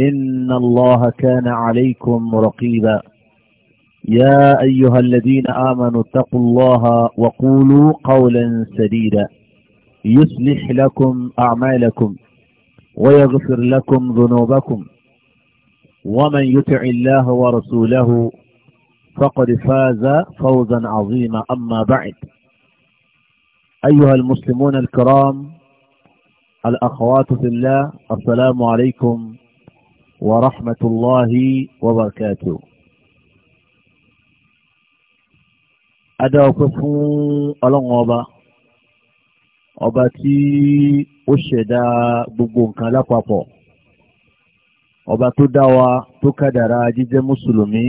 إن الله كان عليكم رقيبا يا أيها الذين آمنوا اتقوا الله وقولوا قولا سديدا يصلح لكم أعمالكم ويغفر لكم ذنوبكم ومن يطع الله ورسوله فقد فاز فوزا عظيما أما بعد أيها المسلمون الكرام الأخوات في الله السلام عليكم ورحمة الله وبركاته adáwọ̀pẹ́ fún ọlọ́run ọba ọba tí ó ṣẹ̀dá gbogbo nǹkan lápapọ̀ ọba tó dá wa tó kádàrá jíjẹ́ mùsùlùmí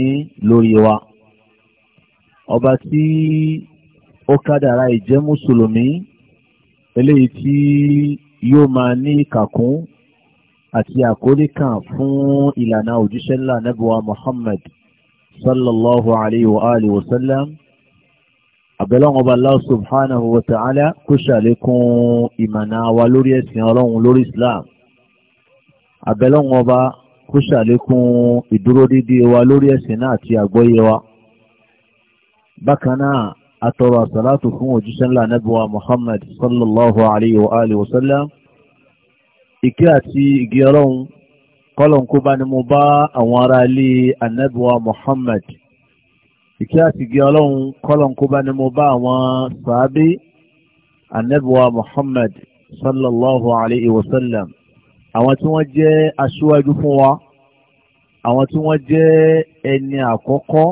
ọba àti àkórí kan fún ìlànà òjíṣẹ́ ńlá nẹ́bùwá Muhammad sallallahu alayhi wa alihi wa sallam àbẹ̀lọ́wọ́n ọba Allah subhanahu wa ta'ala kó ṣàlékún ìmọ̀nà wa lórí ẹ̀sìn ọlọ́run lórí Islam àbẹ̀lọ́wọ́n ọba kó ṣàlékún ìdúró dídí wa lórí ẹ̀sìn náà àti àgbọ́yé wa bákan náà atọrọ àsàlátù fún òjíṣẹ́ ńlá nẹ́bùwá Muhammad sallallahu alayhi wa alihi wa sallam ìké àti ìgé ọlọ́run kọ́lọ̀n kó bá ní mo bá àwọn ará ilé anabiwa Muhammad ìké àti ìgé ọlọ́run kọ́lọ̀n kó bá ní mo bá àwọn sàábé anabiwa Muhammad sallallahu alayhi wa sallam àwọn tí wọ́n jẹ́ aṣíwájú fún wa àwọn tí wọ́n jẹ́ ẹni àkọ́kọ́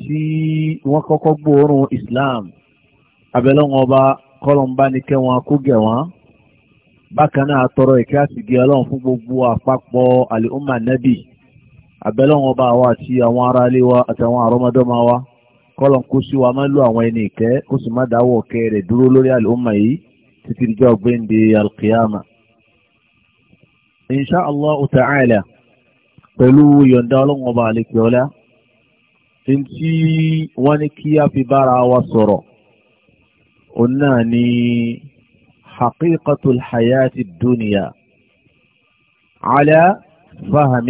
tí wọ́n kọ́kọ́ gbóòórùn Islam abẹ́lẹ́wọ̀n ọba kọ́lọ̀n bá ní kẹ́ wọn kó gẹ̀ wọ́n bákan náà tọrọ ìkẹ́ àtìgẹ́ ọlọ́run fún gbogbo àpapọ̀ àlùmọ̀ nẹ́bì abẹ́lọ́wọ́n bá wa àti àwọn ará ilé wa àtàwọn àrọ́mọdọ́mọ wa kọ́lọ̀n kó sí wa máa ń lo àwọn ẹni ìkẹ́ kó sì má dáwọ́ ọ̀kẹ́ rẹ̀ dúró lórí àlùmọ̀ yìí títí dijọ́ gbẹ́ǹde alkiyama. insha allahu ta'ala pẹ̀lú yọ̀ǹda ọlọ́wọ́n bá àlekè ọlá ntí wọ́n ní kí a fi bára wa sọ̀rọ̀ òun náà Ni... حقيقة الحياة الدنيا على فهم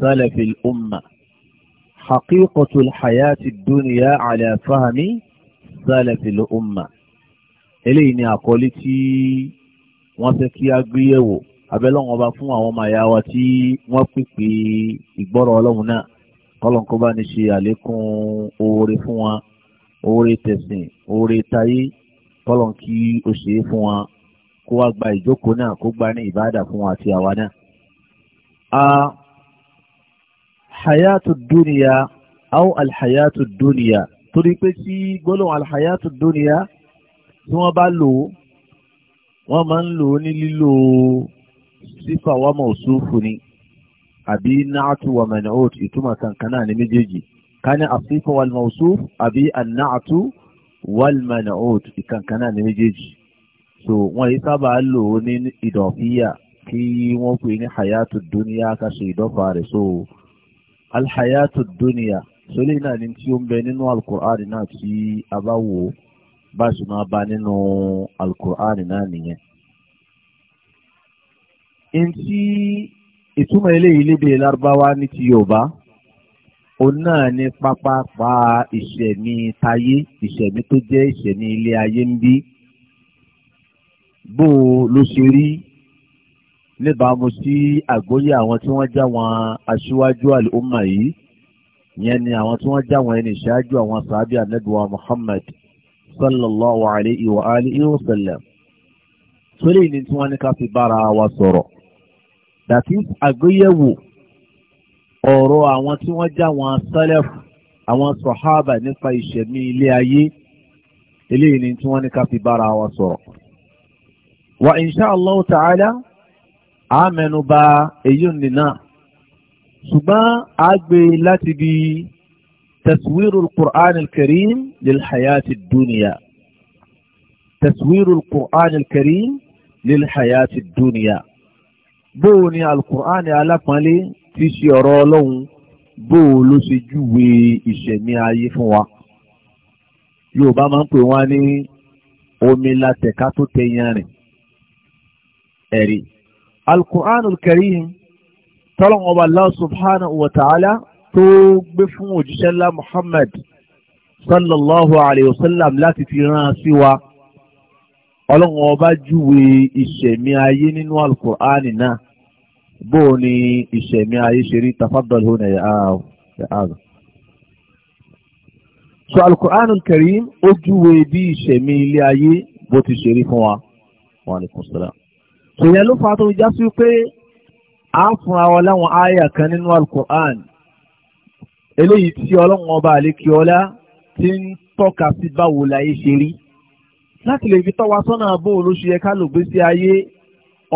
سلف الأمة حقيقة الحياة الدنيا على فهم سلف الأمة eléyìí ni àkọlé tí wọ́n fẹ́ kí a gbé yẹ̀wò abẹ́lọ́wọ́n ọba fún àwọn ọmọ àyà wa tí wọ́n pèpè ìgbọ́rọ̀ ọlọ́run náà kọ́lọ́nkọ́ bá ní ṣe àlékún oore fún wa oore tẹ̀sìn oore tayé kọ́lọ́n kí ó ṣe é fún wa kó wá gba ìjókòó náà kó gba ní ìbáàdà fún àti àwa náà. a hayatu duniya aw alhayatu duniya torí pé tí gbólóhùn alhayatu duniya tí wọ́n bá lò ó wọ́n máa ń lò ó ní lílo sífà wa mausufu ni àbí náàtù wa man'ut ìtumọ̀ kankan náà ní méjèèjì ká ní àsífà wal mausuf àbí ànáàtù wal man'ut ìkankan náà ní méjèèjì so wọ́n yìí sábà lò ó ní ìdọ̀fíyà kí wọ́n pè ní hayatu duniya ká ṣe ìdọ́fà rẹ̀ so alhayatu duniya sọlẹ́ náà ni tí ó ń bẹ nínú alukur'ani náà tí a bá wò ó bá ṣe máa bá nínú alukur'ani náà nìyẹn. ntí ìtumọ̀ eléyìí lédè lárúbáwá ní ti yorùbá òun náà ní pápápá ìṣẹ̀mí tayé ìṣẹ̀mí tó jẹ́ ìṣẹ̀mí ilé ayé ń bí bó o ló ṣe rí níbàámu sí àgbóyé àwọn tí wọ́n já wọn aṣíwájú àlùmà yìí yẹn ni àwọn tí wọ́n já wọn ẹni ṣáájú àwọn sàábì ànábìwá Muhammad sallallahu alayhi wa alihi wa sallam sórí ni tí wọ́n ní ká fi bára wa sọ̀rọ̀ that àgbéyẹ̀wò ọ̀rọ̀ àwọn tí wọ́n já wọn sálẹ̀f àwọn sọ̀hábà nípa ìṣẹ̀mí ilé ayé eléyìí ni tí wọ́n ní ká fi bára wa sọ̀rọ̀ wa insha Allah ta'ala a mẹ́nubà èyí nìna ṣùgbọ́n a gbé láti bí taswirul qur'an al-karim lil hayati duniya taswirul qur'an al-karim lil hayati duniya bóò ni al-qur'an alápọ̀nlé ti ṣe ọ̀rọ̀ ọlọ́run bóò ló ṣe júwe ìṣẹ̀mí ayé fún wa yorùbá máa ń pè wọ́n ní omi la tó tẹ yanrìn ẹ̀rí alquranul karim tọ́lọ́n ọba Allah subhanahu wa ta'ala tó gbé fún òjíṣẹ́ ńlá muhammad sallallahu alayhi wa sallam láti fi rán sí wa ọlọ́run ọba júwe ìṣẹ̀mí ayé nínú alukur'ani náà bó o ní ìṣẹ̀mí ayé ṣe rí tafaddal hona ya'aru. so alukur'anul karim ó júwe bí ìṣẹ̀mí ilé ayé bó ti ṣe rí fún wa wa alaykum salaam ìyẹn ló fa tó já sí pé a ń fúnra wa láwọn àyà kan nínú alukur'an eléyìí tí ọlọ́run ọba àlékiọlá ti ń tọ́ka sí báwo láyé ṣe rí láti lè fi tọ́ wa sọ́nà bó ló ṣe yẹ ká lò gbé sí ayé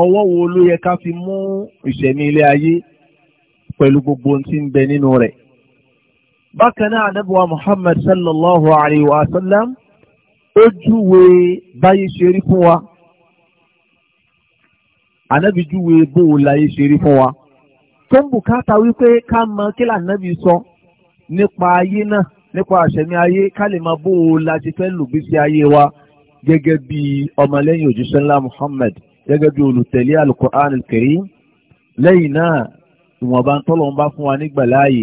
ọwọ́ wo ló yẹ ká fi mú ìṣẹ̀mí ilé ayé pẹ̀lú gbogbo ohun tí ń bẹ nínú rẹ̀. bákan náà anábíwá muhammad sallallahu alayhi wa sallam ó júwe ṣe rí fún wa ànábì júwe bó o láyé ṣe rí fún wa tó ń bùkátà wípé ká mọ kí lànàbì sọ nípa ayé náà nípa àṣẹmí ayé ká lè mọ bó o la ti fẹ́ lùgbésí ayé wa gẹ́gẹ́ bí ọmọlẹ́yìn òjíṣẹ́ ńlá Muhammad gẹ́gẹ́ bí olùtẹ̀lé alukur'an al-karim lẹ́yìn náà ìwọ̀nba tọ́lọ̀ ń bá fún wa nígbà láàyè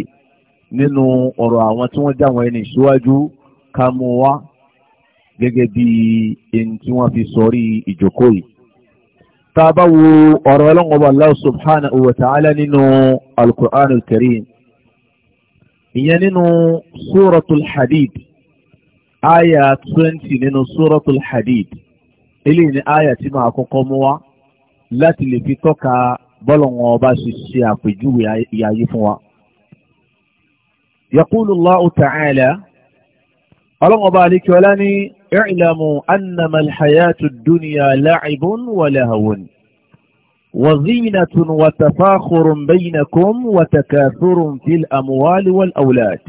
nínú ọ̀rọ̀ àwọn tí wọ́n já ẹni ìṣíwájú ká mú wa gẹ́gẹ́ bí ẹni tí wọ́n fi sọrí ìjókòó yìí tàbá wo ọ̀rọ̀ ọlọ́ngọba Allah subhanahu wa ta'ala nínú al-Qur'an al-Karim ìyẹn nínú suratul Hadid aya 20 nínú suratul Hadid eléyìí ni aya tí máa kọ́kọ́ mú wá láti lè fi tọ́ka bọ́lọ̀ngọba ṣe ṣe àpèjúwe ìyáyé fún wa. yaqulu Allahu ta'ala ọlọ́run ọba àlekí ọlá ní i'lamu annama alhayatu dunya la'ibun wa lahawun wa zinatun wa tafakhurun baynakum wa takathurun fil amwali wal awlad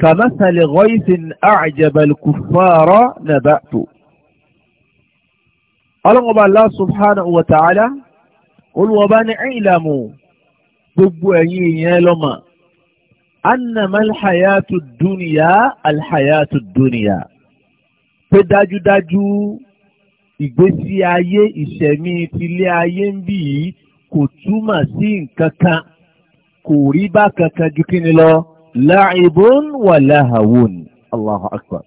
kamathali ghaythin a'jaba al-kuffara nabatu ọlọ́run ọba Allah subhanahu annama alhayatu duniya alhayatu duniya pé dájúdájú ìgbésí ayé ìṣẹ̀mí tilé ayé ń bì yìí kò túmọ̀ sí nǹkan kan kò rí bá kankan ju kí ni lọ la'ibun wa lahawun allahu akbar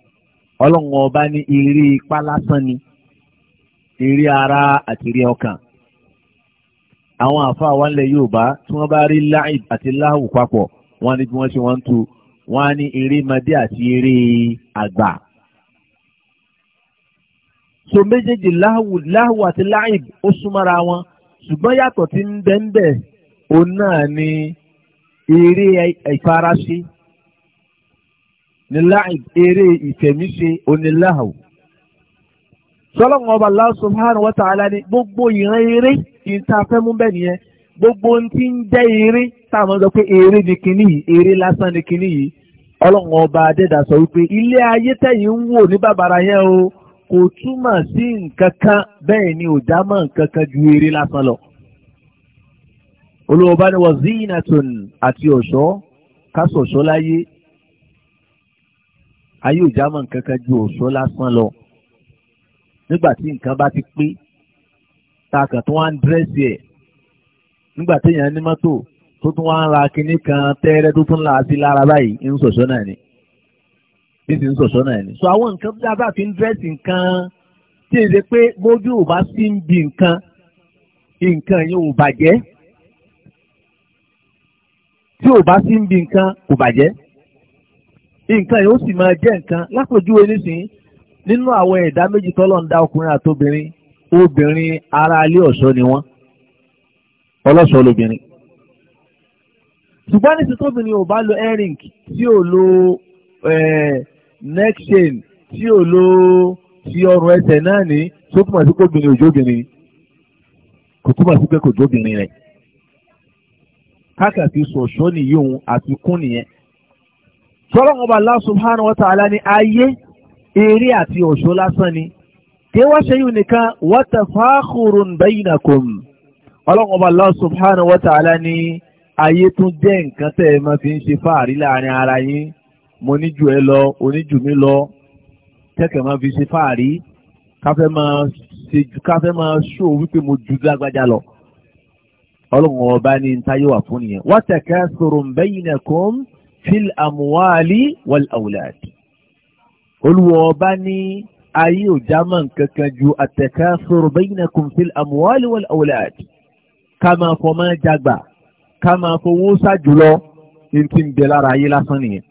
ọlọ́run ọba ní eré ipá lásán ni eré ara àti eré ọkàn àwọn àfa wa ńlẹ̀ yorùbá tí wọ́n bá rí la'ib àti láhù papọ̀ wọ́n á ní bí wọ́n ṣe wọ́n tu wọ́n ní eré mọdé àti eré àgbà. so méjèèjì láhù àti láìb ó súnmọ́ra wọn ṣùgbọ́n yàtọ̀ tí ń bẹ ń bẹ òun náà ni eré ìfaraṣe ní láìb eré ìfẹ̀míṣe oníláhù sọlọ́run ọba Allah subhanahu wa ta'ala ni gbogbo ìran eré ìta fẹ́ mú bẹ́ẹ̀ nìyẹn gbogbo ohun tí ń jẹ́ eré táwọn sọ pé eré ni kinní yìí eré lásán ni kinní yìí ọlọ́run ọba adẹ́dà sọ wípé ilé ayé tẹ̀yìn ń wò ní bàbàrà yẹn o kò túmọ̀ sí nǹkan kan bẹ́ẹ̀ ni ò já mọ́ nǹkan kan ju eré lásán lọ. olówó bá ní wọ́n zinatun àti ọ̀ṣọ́ kásọ̀ṣọ́ láyé ayé ò já mọ́ nǹkan kan ju ọ̀ṣọ́ lásán lọ. nígbà tí nǹkan bá ti pé ta kàn tó wá ń dírẹ́sì ẹ̀ nígbà téèyàn ní mọ́tò tó tún wá ń ra kinní kan tẹ́rẹ́ tó tún là á sí lára báyìí ń sọ̀sọ́ náà ni níbi ń sọ̀sọ́ náà ni. sọ àwọn nǹkan bí a bá fi ń dírẹ́sì nǹkan tí èdè pé bójú ò bá sí ń bi nǹkan nǹkan yẹn ò bàjẹ́ tí ò bá sí ń bi nǹkan kò bàjẹ́ nǹkan yẹn ó sì máa jẹ́ nǹkan lápèjúwe nísìnyí nínú àwọn ẹ̀dá méjì tọ́lọ̀ ń dá ọkùnrin àtobìnrin obìnrin aráalé ọ̀ṣọ́ ni wọ́n ọlọ́ṣọ́ lobìnrin ṣùgbọ́n ní títóbìnrin ò bá lo earring tí ò lo neck chain tí ò lo ti ọrùn ẹsẹ̀ náà ní tó túmọ̀ sí kóbìnrin òjóbìnrin kò túmọ̀ sí pé kò jóbìnrin rẹ̀ kákàtí sọ̀ṣọ́ nìyí òun àfikún nìyẹn sọ́lọ́mù ọba Allah subhanahu wa ta'ala ní ayé eré àti ọ̀ṣọ́ lásán ni kí wọ́n ṣe yìí nìkan wa tafakhurun bainakum ọlọ́mù ọba Allah subhanahu wa ta'ala ní ayé tún jẹ́ nǹkan tẹ́ ẹ máa fi ń ṣe fáàrí láàrin ara yín mo níjù ẹ lọ oníjù mi lọ kẹ́kẹ́ máa fi ṣe fáàrí káfẹ́ máa ṣe ju káfẹ́ máa ṣó wípé mo ju lágbájá lọ ọlọ́run ọba ní ntáyé wà fún nìyẹn wa takasurun baynakum fil amwali wal awlad olùwọ̀ ọba ní ayé ò já mọ́ nǹkan kan ju at takasurun baynakum fil amwali wal awlad ká máa fọ́ máa jágbà ká máa fowó ṣàjùlọ ní ti ń bẹ lára ayé lásán nìyẹn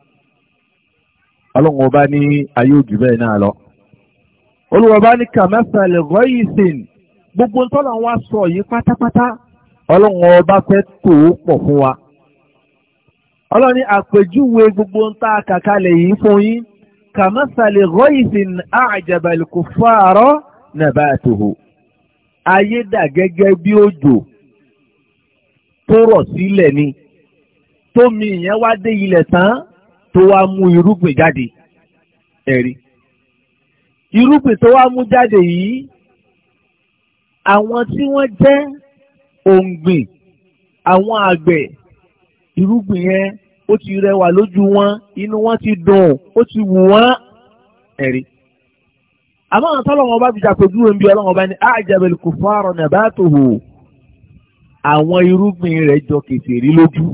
ọlọ́run ọba ní ayé òjì bẹ́ẹ̀ náà lọ. olùwọ̀ba ní kàmẹ́sàlẹ̀ rọ́ìsìn gbogbo ntọ́lọ̀ wa sọ yìí pátápátá ọlọ́run ọba fẹ́ tò ó pọ̀ fún wa. ọlọ́run ní àpèjúwe gbogbo ń ta kàkálẹ̀ yìí fún yín kàmẹ́sàlẹ̀ rọ́ìsìn àjàbàlì kò fọ́ àárọ̀ nàbàtòhò. ayé dà gẹ́gẹ́ bí òjò tó rọ̀ sílẹ̀ ni tómi yẹn wá dé ilẹ̀ tán tó wá mú irúgbìn jáde ẹ̀rí irúgbìn tó wá mú jáde yìí àwọn tí wọ́n jẹ́ òǹgbìn àwọn àgbẹ̀ irúgbìn yẹn ó ti rẹwà lójú wọn inú wọn ti dùn ó ti wù wọ́n ẹ̀rí àmọ́ àwọn tọ́lọ́wọ́n bá fi jàpèjúwe ń bí ọlọ́wọ́n bá ní àjẹbẹ̀lì kò fọ́ àrọ̀ nàbàtò hù àwọn irúgbìn rẹ̀ jọ kèfèrí lójú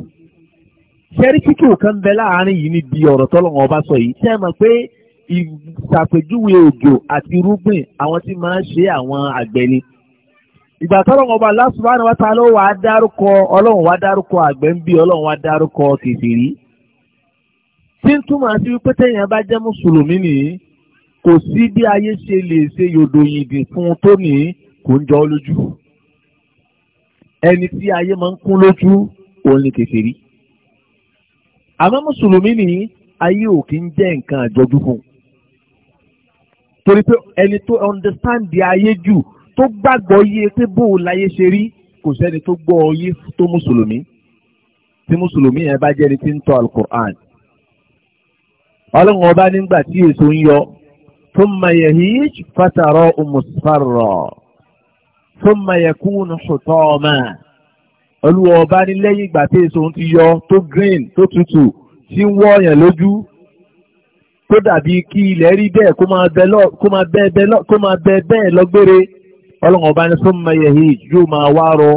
ṣẹ́rí kíkì òkan ń bẹ láàárín yìí níbi ọ̀rọ̀ tọ́lọ́wọ́n ọba sọ yìí ṣe é mọ̀ pé ìṣàpèjúwe òjò àti irúgbìn àwọn tí máa ń ṣe àwọn àgbẹ̀ ni ìgbà tọ́lọ́wọ́n ọba Allah subhanahu wa ta'ala wà á dárúkọ ọlọ́run wà dárúkọ àgbẹ̀ ń bí ọlọ́run wà á dárúkọ kèfèrí tí ń túmọ̀ sí wípé téèyàn bá jẹ́ mùsùlùmí nìyí kò sí bí ayé ṣe lè ṣe yòdòyìndì fún un tó nìyí kò ń jọ lójú ẹni tí ayé máa ń kún lójú òun ni kèfèrí àmọ́ mùsùlùmí nìyí ayé ò kí ń jẹ́ nǹkan àjọjú fún un torí pé ẹni tó understand ayé jù tó gbàgbọ́ yé pé bó o láyé ṣe rí kò sẹ́ni tó gbọ́ yé tó mùsùlùmí tí mùsùlùmí yẹn bá jẹ́ni tí ń tọ́ alukur'an. ọlọ́run ọba nígbà tí èso ń yọ thumma yahij fatara musfarra thumma yakunu hutama olúwa ọba ní lẹ́yìn ìgbà tí èso ti yọ tó green tó tutù tí ń wọ́ ọ̀yàn lójú tó dàbí kí ilẹ̀ rí bẹ́ẹ̀ kó máa bẹ bẹ́ẹ̀ lọ́gbére ọlọ́run ọba ní thumma yahij yóò máa wá rọ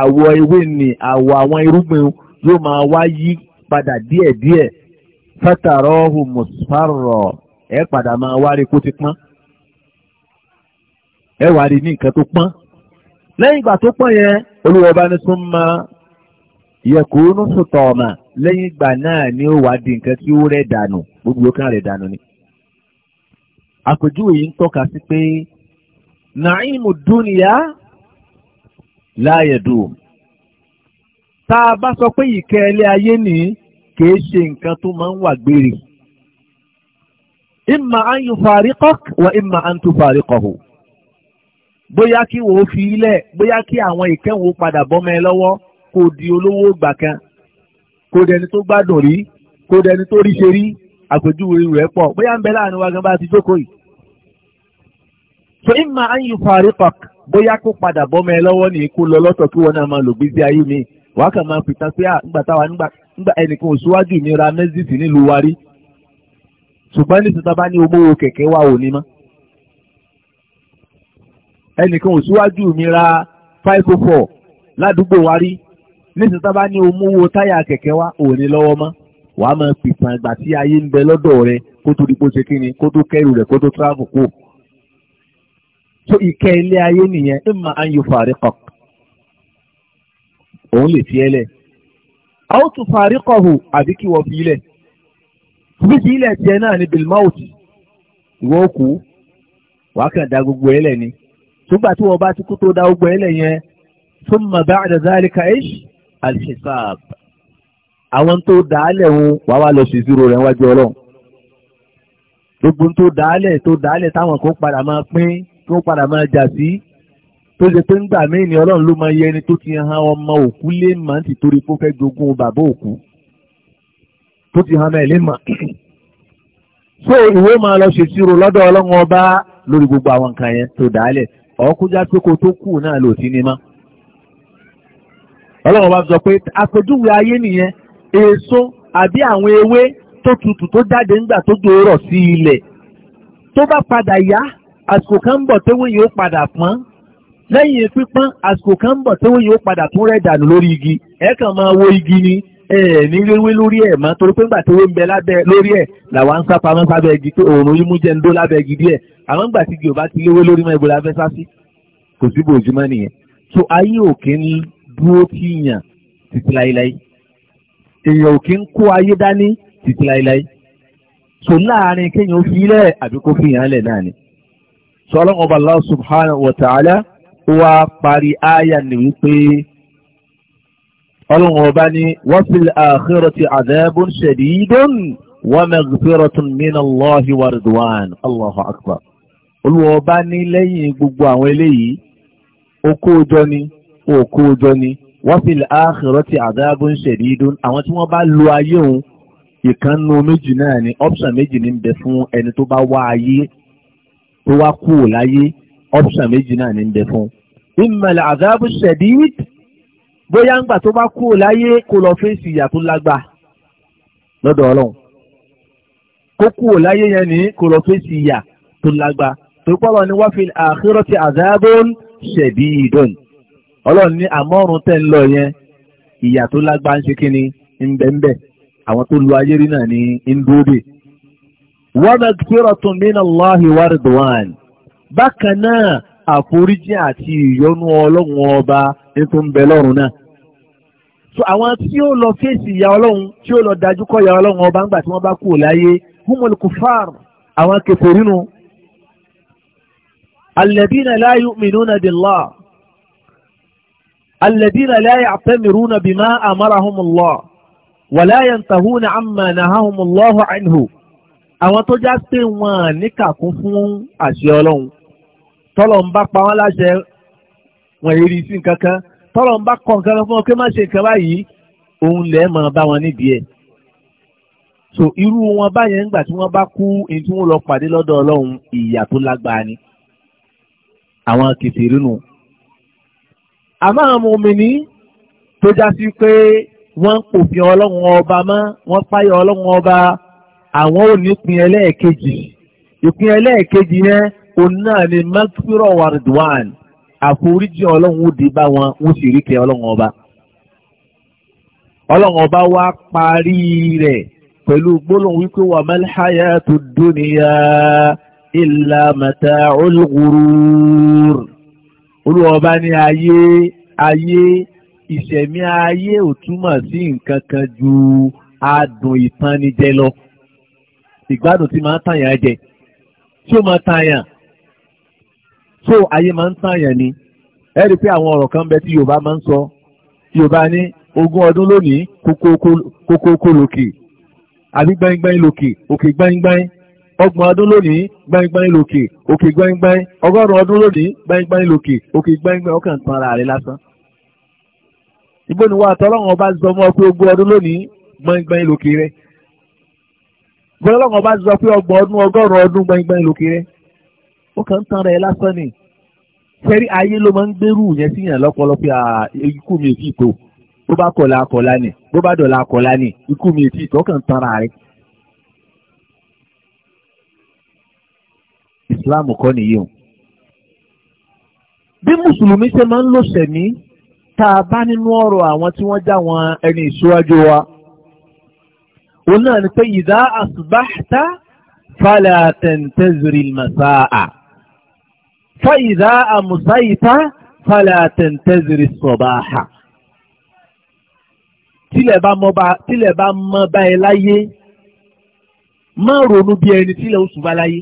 àwọ̀ ewé ni àwọ̀ àwọn irúgbìn yóò máa wá yí padà díẹ̀díẹ̀ fatarahu musfarra ẹ̀ padà máa wá rí kó ti pọ́n ẹ̀ wá rí ní nǹkan tó pọ́n. lẹ́yìn ìgbà tó pọ̀ yẹn olùwọ́ba ní tún máa yẹkùnú sùtọ̀ ọ̀mà lẹ́yìn ìgbà náà ni ó wàá di nǹkan tí ó rẹ̀ dànù gbogbo kan rẹ̀ dànù ni. àpèjúwe yìí ń tọ́ka sí pé nàìmù dúnìyà láàyèdù tá a bá sọ pé ìkẹ́ ilé ayé ni kìí ṣe nǹkan tó máa ń wà gbére. an yufarikok wa imma bóyá kí wò ó fi ilẹ̀ bóyá kí àwọn ìkẹ́wò padà bọ́ ẹ lọ́wọ́ kò di olówó ìgbà kan kò dẹni tó gbádùn rí kò dẹni tó rí ṣe rí àpèjúwe rẹ̀ pọ̀ bóyá ń bẹ láàrin wa gan bá ti jókòó yìí. so imma an yufariqak bóyá kó padà bọ́ ẹ lọ́wọ́ ní kó lọ lọ́tọ̀ kí wọ́n náà máa lò gbèsè ayé mi wàá kàn máa pìtàn pé nígbà táwa nígbà ẹnìkan ò mi ra mẹ́sìsì nílùú wa rí ṣùgbọ́n nísìsiyìí ẹnìkan ò mi ra five oh four ládùúgbò wa rí nísìnyí tá a bá ní o táyà wa ò ní lọ́wọ́ mọ́ á máa pìtàn ìgbà tí ayé ń bẹ lọ́dọ̀ rẹ kó tó di kó ṣe kíni kó tó kẹ́rù rẹ̀ kó tó travel kó. tó ìkẹ́ ilé ayé nìyẹn an yufariqak òun lè fi ẹ́ àbí kí wọ́n fi ilẹ̀ fífi ilẹ̀ tiẹ̀ náà ní kàn gbogbo ṣùgbà tí wọ́n bá ti kú tó dá ogbó ẹlẹ̀ yẹn thumma ba'da dhalika ish al-hisab àwọn tó dàálẹ̀ ń wà wá lọ sí ìṣirò rẹ̀ wájú ọlọ́run gbogbo tó dàálẹ̀ tó dàálẹ̀ táwọn kan padà máa pín tó padà máa jà sí tó ṣe pé ńgbà míì ni ọlọ́run ló máa yẹ ẹni tó ti han ọmọ òkú lé màá ti torí pé ó fẹ́ jogún bàbá òkú tó ti han mẹ́ẹ̀ lé màá so ìwé máa lọ ṣèṣirò lọ́dọ̀ ọlọ́run ọba lórí gbogbo àwọn nǹkan yẹn tó dàálẹ̀ ọkújá pé kó tó kù náà lò sí ni má. ọlọ́run bá sọ pé àpèjúwe ayé nìyẹn èso àbí àwọn ewé tó tutù tó jáde ńgbà tó jòrò sí ilẹ̀ tó bá padà yá àsìkò kan ń bọ̀ tówó yìí ó padà pọ́n lẹ́yìn pípọ́n àsìkò kan igi ẹ̀ kàn máa wo igi ni ee wéwé lórí ẹ̀ mọ́ torí pé ńgbà tí wé ń bẹ lábẹ́ lórí ẹ̀ làwa ń sápamọ́ sábẹ́ igi pé òòrùn yìí mú jẹ́ ń dó lábẹ́ igi díẹ̀ àmọ́ ńgbà tí gèò ti léwé lórí mọ́ ìbòlá fẹ́ sásí kò sí bòjúmọ́ nìyẹn so ayé òkè ń dúró tí yàn títí láéláé èèyàn òkè ń kó ayé dání títí fi àbí fi lẹ̀ ọlọ́run ọba ní wafil akhirati adhabun shadidun wa maghfiratun minallahi wa ridwan allahu akbar olùwọ́ ọba ní lẹ́yìn gbogbo àwọn eléyìí okóojọ́ ni okóojọ́ ni wafil akhirati adhabun shadidun àwọn tí wọ́n bá lo ayé òun ìkànnù méjì náà ni option méjì ní bẹ fún ẹni tó bá wá ayé tó wá kúrò láyé option méjì náà ní bẹ fún imma al adhabu bóyá gbà tó bá kú láyé kó lọ fèsì ìyà tó lágbà lọ́dọ̀ ọlọ́run kó kú láyé yẹn ní kó lọ fèsì ìyà tó lágbà tó pọ́lọ́ ni wọ́n fi àkírọ́ ti àdáàbòn ṣẹ̀bí ìdọ́n ọlọ́run ní àmọ́run tẹ̀ ń lọ yẹn ìyà tó lágbà ni so àwọn tí ó lọ fèsì ìyá ọlọ́run tí ó lọ dájú kọ́ ìyá ọlọ́run ọba ńgbà tí wọ́n bá kú láyé humul kufar àwọn kèfèrí nu alladina la yu'minuna billah alladina la ya'tamiruna bima amarahumullah wa la yantahuna amma nahahumullahu anhu àwọn tó já pé wọn níkàkún fún àṣẹ ọlọ́run tọ́lọ̀ ń bá pa wọ́n láṣẹ wọ̀nyí rí tọ́lọ̀ ń bá kọ̀ nǹkan lọ fún ọ pé má ṣe nǹkan báyìí òun lẹ́ẹ̀ máa bá wọn nídìí ẹ̀. so irú wọn báyẹn ńgbà tí wọ́n bá kú ẹni tí wọ́n lọ pàdé lọ́dọ̀ ọlọ́run ìyà tó lágbára ni àwọn kìfìrí nù. àmọ́ àwọn mùmínì tó já sí pé wọ́n ń pòfin ọlọ́run ọba mọ́ wọ́n páyọ̀ ọlọ́run ọba àwọn ò ní pin ẹlẹ́ẹ̀kejì ìpín ẹlẹ́ẹ̀kejì yẹn òun náà ni magfiro wardwan àforíjì ọlọ́run ó dé bá wọn wọ́n sì rí kẹ ọlọ́run ọba ọlọ́run ọba wá parí rẹ̀ pẹ̀lú gbólóhùn wípé wà mal hayatud dunya illa mata'ul ghurur olùwọ́ba ní ayé ayé ìṣẹ̀mí ayé ò túmọ̀ sí nǹkan kan ju adùn ìtanijẹ lọ ìgbádùn tí máa ń tàyàn jẹ tí ó máa tàyàn so ayé máa ń tààyàn ni ẹ rí i pé àwọn ọ̀rọ̀ kan bẹ tí Yorùbá máa ń sọ Yorùbá ní ogún ọdún lónìí kókókó lòkè àbí gbáyìngbáyìn lòkè òkè gbáyìngbáyìn ọgbọ̀n ọdún lónìí gbáyìngbáyìn lòkè òkè gbáyìngbáyìn ọgọ́rùn ọdún lónìí gbáyìngbáyìn lòkè òkè gbáyìngbáyìn ọkàn tan ara rẹ lásán. ibo ni wàá tọ́lọ́wọ́n bá sọ fún ọ pé ogún ọdún lónìí gbáyìngbáyìn lòkè rẹ. ibo ni wàá tọ́lọ́wọ́n bá sọ pé ọgbọ̀n ọdún ọgọ́rùn ọdún gbáyìngbáyìn lòkè rẹ ó kàn ń tan rẹ̀ lásán ni sẹ́rí ayé ló máa ń gbérù yẹn síyàn lọ́pọ̀lọpọ̀ ah, ikú mi ò tí ì tó bó bá kọ̀la kọ̀la ni bó bá dọ̀la kọ̀la ni ikú mi ò tí ì tó kàn ń tan ra rẹ̀. Islam kọ́ nìyí o bí mùsùlùmí ṣe máa ń lò sẹ̀mí tá a bá nínú ọ̀rọ̀ àwọn tí wọ́n já wọn ẹni ìṣíwájú wa òun náà ni pé ìdá àsùbáṣá fàlà tẹ̀ǹtẹ̀zìrì màsáà fàyìdá àmùsáyìtá fàlẹ̀ àtẹ̀ntẹ́zìrì sọ̀bàáhà tílẹ̀ bá mọ́ bá ẹ láyé má ronú bí ẹni tílẹ̀ oṣù bá láyé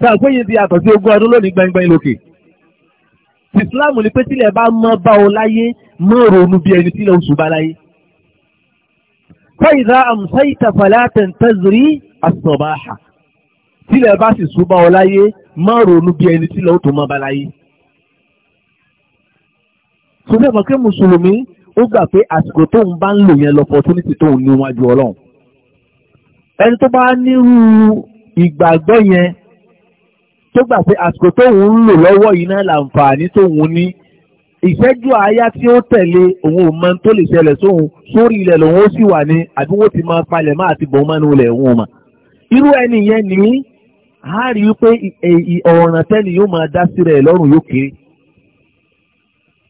sáà péye ti yàtọ̀ sí ogún ọdún lónìí gbẹngbẹng lókè ìsìláàmù ni pé tílẹ̀ bá mọ́ bá ọ láyé má ronú bí ẹni tílẹ̀ oṣù bá láyé fàyìdá àmùsáyìtá fàlẹ̀ àtẹ̀ntẹ́zìrì àsọ̀bàáhà tílẹ̀ bá sì súbá ọ láyé má ronú bí ẹni tílẹ̀ ó tó má ba láyé. sọdẹ́ mọ̀ pé mùsùlùmí ó gbà pé àsìkò tóun bá ń lò yẹn lọ opportunity tóun ní wájú ọlọ́run. ẹni tó bá nírú ìgbàgbọ́ yẹn tó gbà pé àsìkò tóun ń lò lọ́wọ́ yìí náà làǹfààní tóun ní ìṣẹ́jú àáyá tí ó tẹ̀lé òun ò mọ tó lè ṣẹlẹ̀ sóhun sórí ilẹ̀ lòun ó sì wà ní àbí wọ́n ti máa palẹ̀ máa ti bọ̀ mọ́nú ilẹ̀ òun ò mà. irú ẹni yẹn ní a rí wípé e, ọ̀ràn tẹ́ni yóò máa dá sí rẹ̀ lọ́rùn yóò kéré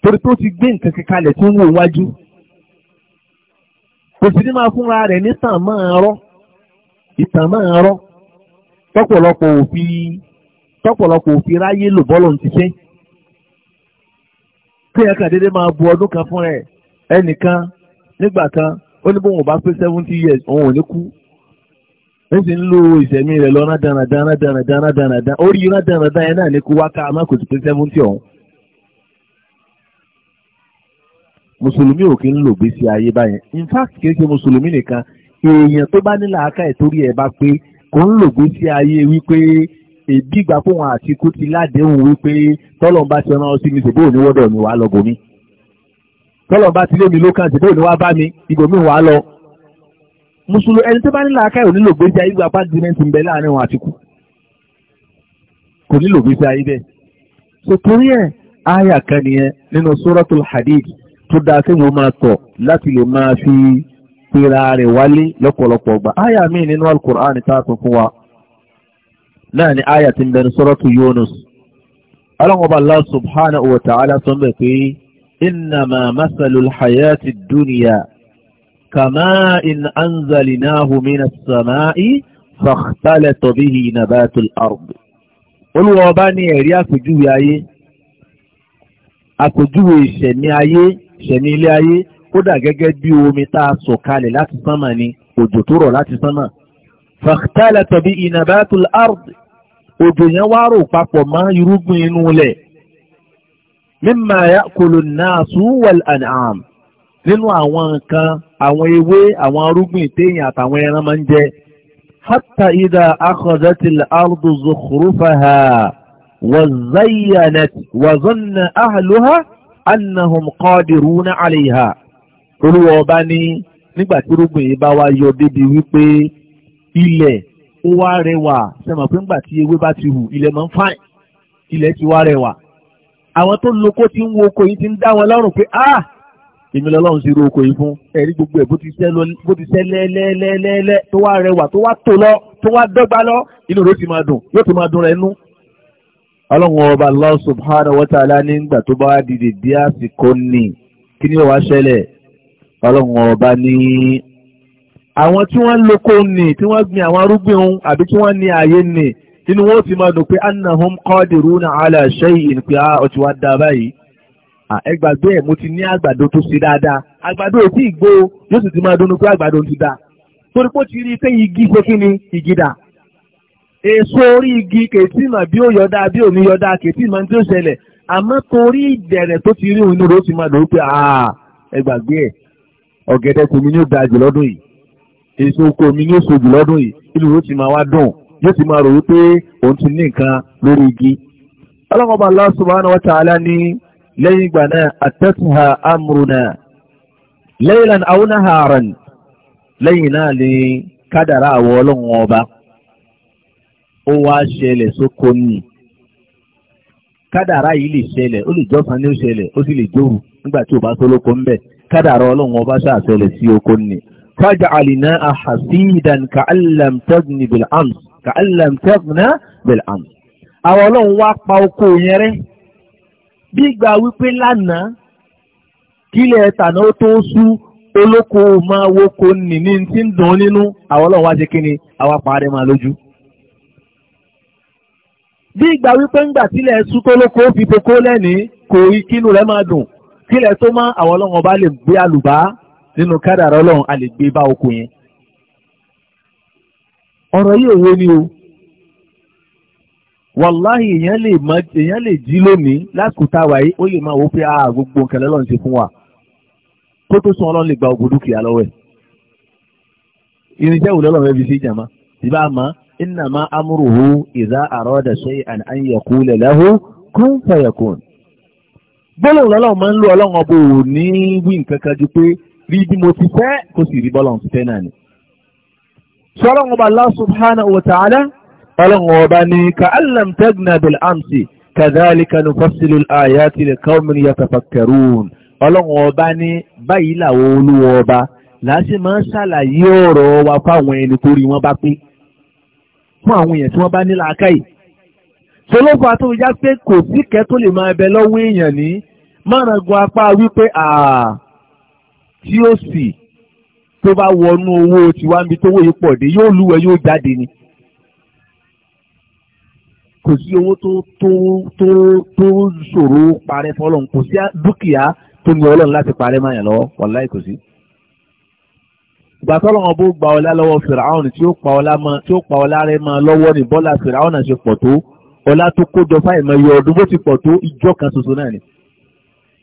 torí tó ti gbé nǹkan kankanlẹ̀ tó ń wò wájú kò sí ní máa fúnra rẹ̀ ní tàn máa rọ́ ìtàn máa rọ́ tọ́pọ̀lọpọ̀ òfin tọ́pọ̀lọpọ̀ òfin ráyé lò bọ́lọ̀ ti ṣe kí ẹ̀ka dédé máa bu ọdún kan fún ẹ ẹnìkan nígbà kan ó ní bóun ò bá pé seventy years òun ò ní kú ń si nlo lo ìsẹ̀mí rẹ̀ lọ dáná dáná dáná dáná dáná dáná orí iná dáná dáná yẹn náà ní kó wá ká àmọ́ kò sì sẹ́fúntì ọ̀hún. mùsùlùmí ò kí ń lò gbèsè ayé báyẹn in fact kì í ṣe mùsùlùmí nìkan èèyàn tó bá aká ẹ̀ bá pé kò ń lò gbèsè ayé wípé ìgbà ti ládéhùn wípé tọ́lọ̀ ń bá mi lọ bòmí tọ́lọ̀ ń bá ti lé mi lókàn òní wàá bá lọ mùsùlùmí ẹni tó bá nílò akáyò nílò gbèsè ayé gba pàdímẹ́ǹtì ń bẹ láàrin wọn àtìkù kò nílò gbèsè ayé bẹ́ẹ̀ so torí ẹ̀ àyà kan nìyẹn nínú suratul hadid tó dáa kí wọ́n máa tọ̀ láti lè máa fi pera rẹ̀ wálé lọ́pọ̀lọpọ̀ gbà àyà míì nínú alukur'an tá a fún wa náà ni àyà ti bẹnu suratul yunus ọlọ́wọ́ba Allah subhanahu wa ta'ala sọ bẹ́ẹ̀ pé innama masalul hayati duniya كماء أنزلناه من السماء فاختلط به نبات الأرض Olúwa ọba ní ẹ̀rí àpèjúwe ayé àpèjúwe ìṣẹ̀mí ayé ìṣẹ̀mí ilé ayé kódà gẹ́gẹ́ bí omi tá a sọ kalẹ̀ láti sánmà ni òjò tó rọ̀ láti sánmà. فاختلط به نبات الأرض òjò yẹn wá rò papọ̀ mọ́ irúgbìn inú ilẹ̀. مما يأكل الناس والأنعام nínú àwọn nǹkan àwọn ewé àwọn arúgbìn téèyàn àtàwọn ẹran máa ń jẹ. hatta idha akhadhatil ardu zukhrufaha wa zayyanat wa zanna ahluha annahum qadiruna alayha. olúwa ọba ní nígbà tí irúgbìn yìí bá wá yọ débi wípé ilẹ̀ ó wá rẹwà sẹ́mọ̀ pé ńgbà tí ewé bá ti hù ilẹ̀ máa ń fáìn ilẹ̀ ti wá rẹwà. àwọn tó lóko ti ń wo oko yìí ti ń dá wọn lọ́rùn pé ah èmi lọ́lọ́run sí irú oko yìí fún ẹ̀rí gbogbo ẹ̀ bó ti sẹ́ lẹ́lẹ́lẹ́lẹ́ tó wá rẹwà tó wá tó lọ tó wá dọ́gba lọ inú rẹ̀ ó ti máa dùn yóò ti máa dùn rẹ̀ nú. ọlọ́run ọba Allah subhanahu wa ta'ala nígbà tó bá dìde dí àsìkò ní kí ni ó ṣẹlẹ̀ ọlọ́run ọba ní. àwọn tí wọ́n lóko nì tí wọ́n gbin àwọn arúgbìn ohun àbí tí wọ́n ní ààyè nì nínú wọn ó ti máa dùn pé annahum qadiruna ala shay'in pé a ah, ó ti wá dá báyìí ẹ gbàgbé ẹ̀ mo ti ní àgbàdo tó ṣe dáadáa àgbàdo ò tí ì gbó yóò sì ti máa dùnnú pé àgbàdo ti dà torí pé ó ti rí i pé igi ṣe kí ni igi dà èso orí igi kèétí mà bí ó yọ̀dá bí ò ní kèétí mà ṣẹlẹ̀ àmọ́ ti rí òun ló ti máa ẹ ọ̀gẹ̀dẹ̀ jù lọ́dún yìí èso oko mi ní jù lọ́dún yìí ti máa wá dùn yóò ti máa rò wípé òun ti ní nǹkan lórí igi. lẹ́yìn ìgbà náà àtẹ́tùhà amúrúnà lẹ́yìnlán àwọnáhàrán lẹ́yìn náà lè kádàrá àwọ̀ ọlọ́run ọba ó wá ṣẹlẹ̀ sóko nì kádàrá yìí lè ṣẹlẹ̀ ó lè jọ́sán ní ó ṣẹlẹ̀ ó sì lè jóru nígbà tí ò bá sólóko ń bẹ̀ kádàrá ọlọ́run ọba ṣàṣẹlẹ̀ sí oko nì fájà àlìná àhàsíìdàn kàálàm tẹ́gùnì bẹ̀lẹ̀ àmì kàálàm tẹ́gùnà bẹ̀lẹ̀ àmì àwọn ọlọ́run wá pa oko yẹn rẹ́ bí gbà wípé lánàá kílẹ̀ tàná ó tó sú olóko máa woko nì ní ti ń dùn nínú àwọn ọlọ́run wá ṣe kí ni àwa parẹ́ máa lójú. bí gbà wípé ńgbà tílẹ̀ sú tólóko fi toko lẹ́ni kò rí kínú rẹ̀ máa dùn kílẹ̀ tó má àwọn ọlọ́run ọba lè gbé àlùbá nínú kádàrá ọlọ́run a lè gbé bá oko yẹn. ọ̀rọ̀ yìí òwe ni o wàláhì èèyàn lè mọ èèyàn lè jí lónìí lásìkò táwa yìí ó lè máa wò pé a ah, gbogbo nǹkan lọ́lọ́run ṣe fún wa kó tó sún ọlọ́run lè gba ògbó dúkìá lọ́wọ́ ẹ̀. irinṣẹ́ òun lọ́lọ́run fi ṣe ìjàmá ìbá ma innama amruhu idha arada shay'an an yaqula lahu kun fayakun. gbólóhùn lọ́lọ́run máa ń lo ọlọ́run ọbọ̀ ò wí nǹkan kan ju pé ọlọ́run ọba ní ka alam tegna bil amsi kadhalika nufassilu ayati li qaumin yatafakkarun ọlọ́run ọba ní báyìí làwọn olúwa ọba láti máa ń ṣàlàyé ọ̀rọ̀ wa fáwọn ẹni tó rí wọn bá pé fún àwọn èèyàn tí wọ́n bá ní làákàyè tolófà tó yá pé kò síkẹ́ tó lè máa bẹ lọ́wọ́ èèyàn ní máragun apá wípé àà tí ó sì tó bá wọnú owó tiwa níbi tó wòye pọ̀ dé yóò lúwẹ̀ yóò jáde ni kò sí owó tó tó tó tó ṣòro parẹ́ fọlọ́n kò sí dúkìá tó ní ọlọ́run láti parẹ́ máa yàn lọ́wọ́ wàláì kò sí. ìgbà tó lọ́wọ́ bó gba ọlá lọ́wọ́ fìràhùn tí ó pa ọlá mọ́ tí ó pa ọlá rẹ̀ mọ́ lọ́wọ́ ní bọ́lá fìràhùn náà ṣe pọ̀ tó ọlá tó kó jọ fáì mọ́ iye ọdún bó ti pọ̀ tó ìjọ kan ṣoṣo náà ni.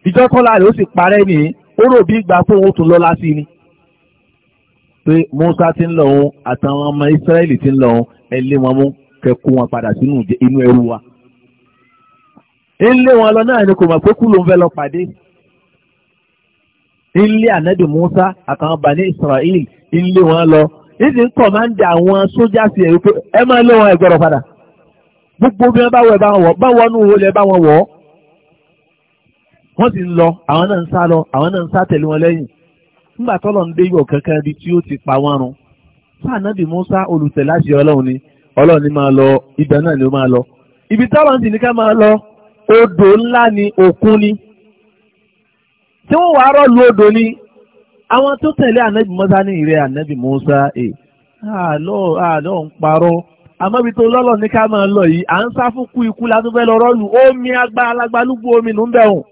ìjọ kọ́lá rẹ̀ ó sì parẹ́ ní ó rò bí ìgbà tó òun tún lọ́lá kẹ kó wọn padà sínú inú ẹrú wa. ilé wọn lọ náà ni kò mọ̀ pé kú ló ń fẹ́ lọ pàdé. ilé ànábì Musa àtàwọn bani Israel ilé wọn lọ ìsì ń kọ̀mándì àwọn sójà sí ẹ̀rú pé ẹ máa lé wọn ẹ̀gbọ́rọ̀ padà. gbogbo bí wọn bá wọ ẹ bá wọn wọ báwọn nù wọlé bá wọn wọ. wọ́n ti ń lọ àwọn náà ń sá lọ àwọn náà ń sá tẹ̀lé wọn lẹ́yìn. nígbà tọ́lọ̀ ń dé yọ̀ kankan di tí ó ti pa wọ́n run. sáà nábì Musa olùtẹ̀láṣẹ Ọlọ́run ni ọlọ́run ni máa lọ ibẹ̀ náà ni ó máa lọ ibi táwọn sì ní ká máa lọ odò ńlá ni òkun ni tí wọ́n wàá rọ́ọ̀lù odò ni àwọn tó tẹ̀lé ànábì Mùsá ní ìrẹ́ ànábì Mùsá ẹ̀ àlọ́ àlọ́ ń parọ́ àmọ́ ibi tó lọ́lọ́ ní ká máa lọ yìí à ń sá fún kú ikú látúfẹ́ lọ rọ́ọ̀lù omi alágbálúgbó omi nù ń bẹ̀ hùn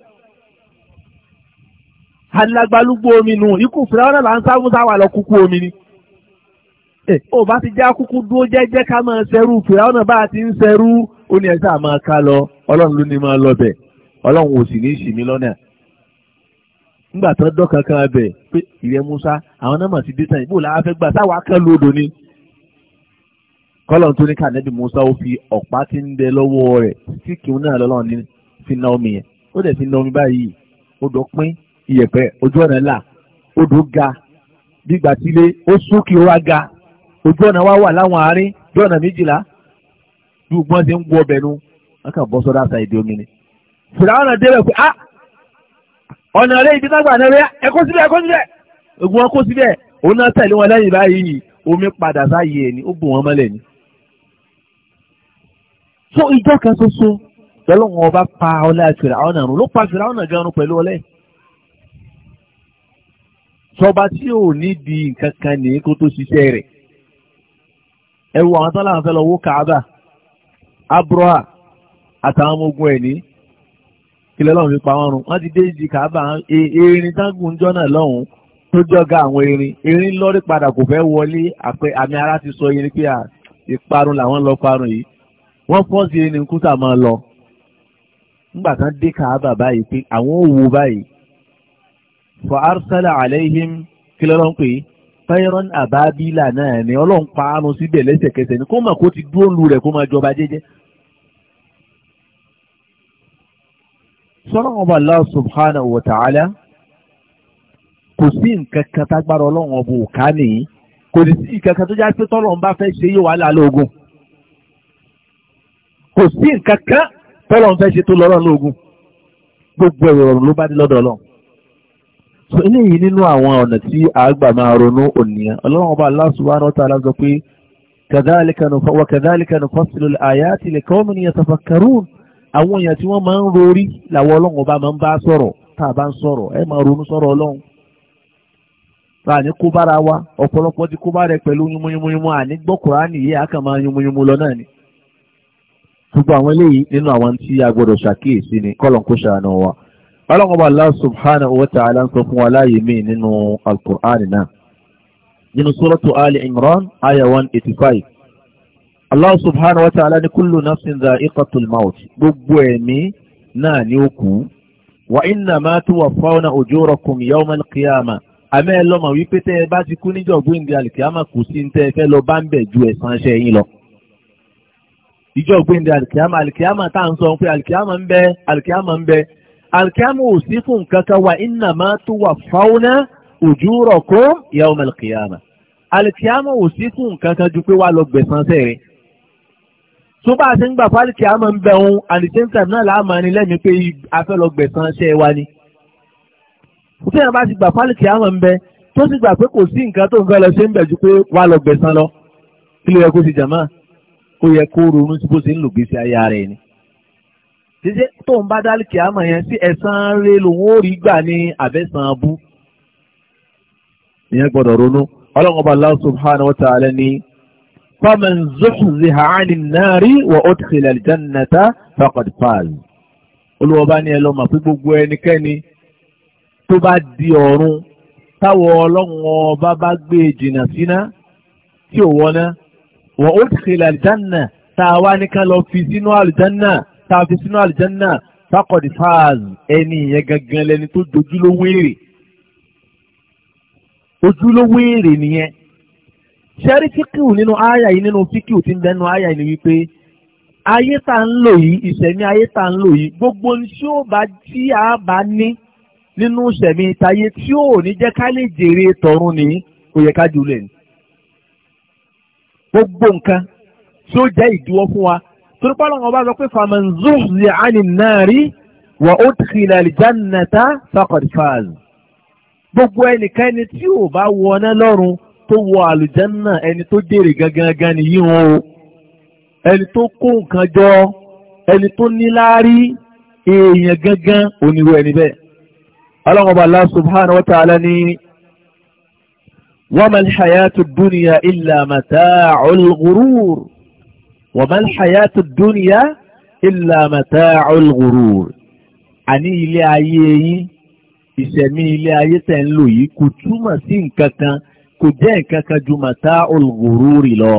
alágbálúgbó omi nù ikú fúláwọ́n là ń sá fún sáwà lọ kúkú omi ni ó bá ti já kúkú dúró jẹ́jẹ́ ká máa ṣerú fìràwọ́nà bá ti ń ṣerú ó ní ẹ̀sà máa ká lọ ọlọ́run ló ní máa lọ bẹ̀ ọlọ́run ò sì ní ṣì mí lọ́nà nígbà tán dọ́kan kan abẹ̀ pé ìrẹ́ Musa àwọn náà mà ti dé tán ìbò làwọn fẹ́ gbà táwa kán lódò ni kọ́lọ̀ tó ní kànẹ́bì Musa ó fi ọ̀pá tí ń bẹ lọ́wọ́ rẹ̀ tí kìún náà lọ́lọ́run fi ná omi yẹn ó dẹ̀ fi ná omi ojú ọ̀nà wa wà láwọn àárín ojú ọ̀nà méjìlá bí gbọ́n ṣe ń wọ ọbẹ̀ nu wọ́n kàn bọ́ sọ́dọ̀ àṣà ìdí omi ni. fìlàwọ́n débẹ̀ pé ah ọ̀nà rẹ̀ ibi tágbà náà rẹ̀ ẹ kó síbẹ̀ ẹ kó síbẹ̀ ogun wọn kó síbẹ̀ òun náà tẹ̀lé wọn lẹ́yìn báyìí omi padà sáàyè ẹ̀ ni ó bù wọn mọ́lẹ̀ ni. so ìjọ kan ṣoṣo lọ́lọ́run ọba pa ọlá fìlàwọ́n rún ló pa fìlàwọ́n gan rún pẹ̀lú ọlẹ́ sọba tí ò ní di nǹkan kan nìyí kó tó ṣiṣẹ́ rẹ̀ ẹwọ àwọn tán láwọn fẹ́ lọ wó Kaaba abúrọ́à àtàwọn ọmọ ogun ẹ̀ ní ilẹ̀ lọ́run fi pa wọ́n run wọ́n ti dé ìdí Kaaba e, erin tágùn jọ́ náà lọ́hùn tó jọ́gá àwọn erin erin lọ́rí padà kò fẹ́ wọlé àpẹ àmì ara ti sọ erin pé ìparun làwọn lọ parun yìí wọ́n fọ́ọ̀sì erin kúta máa lọ nígbà tán dé Kaaba báyìí pé àwọn ò wo báyìí fa arsala alayhim kí lọ́lọ́ ń pè tayron ababila náà ni ọlọ́run pa ánú síbẹ̀ lẹ́sẹ̀kẹsẹ̀ ni kó mà kó ti dúró lu rẹ̀ kó máa jọba jẹ́jẹ́. sọ́nà ọba Allah subhanahu wa ta'ala kò sí nǹkan kan tágbára ọlọ́run ọba òká nìyí kò sí nǹkan kan tó já pé tọ́lọ́run bá fẹ́ ṣe yóò wá lálẹ́ ogun kò sí nǹkan kan tọ́lọ́run fẹ́ ṣe tó lọ́rọ̀ lóògùn gbogbo ẹ̀rọ ló bá dé lọ́dọ̀ ọlọ́run so eléyìí nínú àwọn ọ̀nà tí àgbà máa ronú ònìyàn ọlọ́run ọba Allah subhanahu wa ta'ala sọ pé kàdálíkà nù fọ́sílò àyàtì lè kọ́ mìíràn tafakkarun àwọn èèyàn tí wọ́n máa ń rorí làwọn ọlọ́run ọba máa ń bá sọ̀rọ̀ tá a bá ń sọ̀rọ̀ ẹ máa ronú sọ̀rọ̀ ọlọ́run láàní kó bára wa ọ̀pọ̀lọpọ̀ ti kó bá rẹ pẹ̀lú yúnmúyúnmúyúnmú àní gbọ́ kùránì yìí àkà máa yúnmúyúnmú lọ náà ni. gbogbo àwọn eléyìí nínú àwọn tí a gbọdọ̀ ṣàkíyèsí ni kọ́lọ̀ ń kó ṣàánú wa ọlọ́run Allah subhanahu wa ta'ala ń sọ fún wa láàyè míì nínú al-Qur'an náà nínú suratu Ali Imran aya 185 Allah subhanahu wa ta'ala ní kullu nafsin dha'iqatul maut gbogbo ẹ̀mí náà ni ó kú wa innama tuwaffawna ujurakum yawmal qiyamah àmẹ́ ẹ lọ́mọ wípé tẹ́ ẹ bá ti kú níjọ́ gbéǹde alìkíyàmà kù sí ń tẹ́ ẹ fẹ́ lọ bá ń bẹ̀ ju ẹ̀san ṣẹ́ yín lọ. ìjọ́ gbéǹde alìkíyàmà alìkíyàmà tá à ń sọ pé alìkíyàmà ń bẹ alìkíyàmà ń bẹ alkiamu ò sí fún nǹkan kan wa iná máa tó wà fáwọnà ujurakum yawm alkiyama alkiamu ò sí fún nǹkan kan ju pé wà lọ gbẹ̀sán sẹ́rẹ̀ tó bá a ti ń gbà fún alkiama ń bẹ òun at náà láàmà ni pé a lọ gbẹ̀sán sẹ́ wa ni tí wọn bá ti gbà fún alkiama ń bẹ tó sì gbà pé kò sí nǹkan tó ń fẹ́ lọ ṣe ń bẹ̀ ju pé wà lọ gbẹ̀sán lọ kí ló yẹ kó ti jàmá kó yẹ kó ronú sí bó ṣe ń lògbèsè ayé ara ẹni jíjẹ́ tó ń bá dálì kìámọ̀ yẹn sí ẹ̀san rẹ lòun ó rí gbà ní àbẹ̀sán abú ìyẹn gbọ́dọ̀ ronú ọlọ́run ọba Allah subhanahu wa ta'ala ni faman zuhziha 'anil nari wa udkhila al-jannata faqad faz olùwọ́ba ni ẹ lọ pé gbogbo ẹnikẹ́ni tó bá di ọ̀run táwọn ọlọ́run ọba bá gbé e jìnnà síná tí ò wọ́ná wa udkhila al-janna tá a wá ní ká lọ fi sínú àlùjánná tá a fi sínú àlìjánná fákọ̀dì fáàz ẹni yẹn gangan lẹni tó dojúlówó èrè ojúlówó èrè nìyẹn ṣẹ́rí fíkìú nínú àyà yìí nínú fíkìú tí ń bẹ́nu àyà yìí ni wípé ayé tá ń lò yìí ìṣẹ̀mí ayé tá ń lò yìí gbogbo ní tí ó bá tí a bá ní nínú ìṣẹ̀mí ìtayé tí ò ní jẹ́ ká lè jèrè tọ̀run ní kò yẹ ká gbogbo nǹkan tí ó jẹ́ ìdíwọ́ fún wa turpọ́lọ́ ọba sọ pé famanzuhzi anin nari wa udkhila aljannata faqad faz gbogbo ẹnikẹ́ni tí ò bá wọná lọ́run tó wọ àlùjánná ẹni tó jèrè gangan nìyí o ẹni tó kó nǹkan jọ ẹni tó níláárí èèyàn gangan onírú ẹni bẹ́ẹ̀. ọlọ́run ọba Allah subhanahu wa ta'ala ní wa mal hayatu dunya illa mata'ul ghurur wọ̀mọ́ ṣàyàtò dúnìyà ìlàmàtà ọlọ́rọ̀ àní ilé ayé yín ìṣẹ̀mí ilé ayé tẹ̀ ń lò yìí kò túmọ̀ sí nǹkan kan kò jẹ́ nǹkan kan ju màtá ọlọ́rọ̀ rì lọ.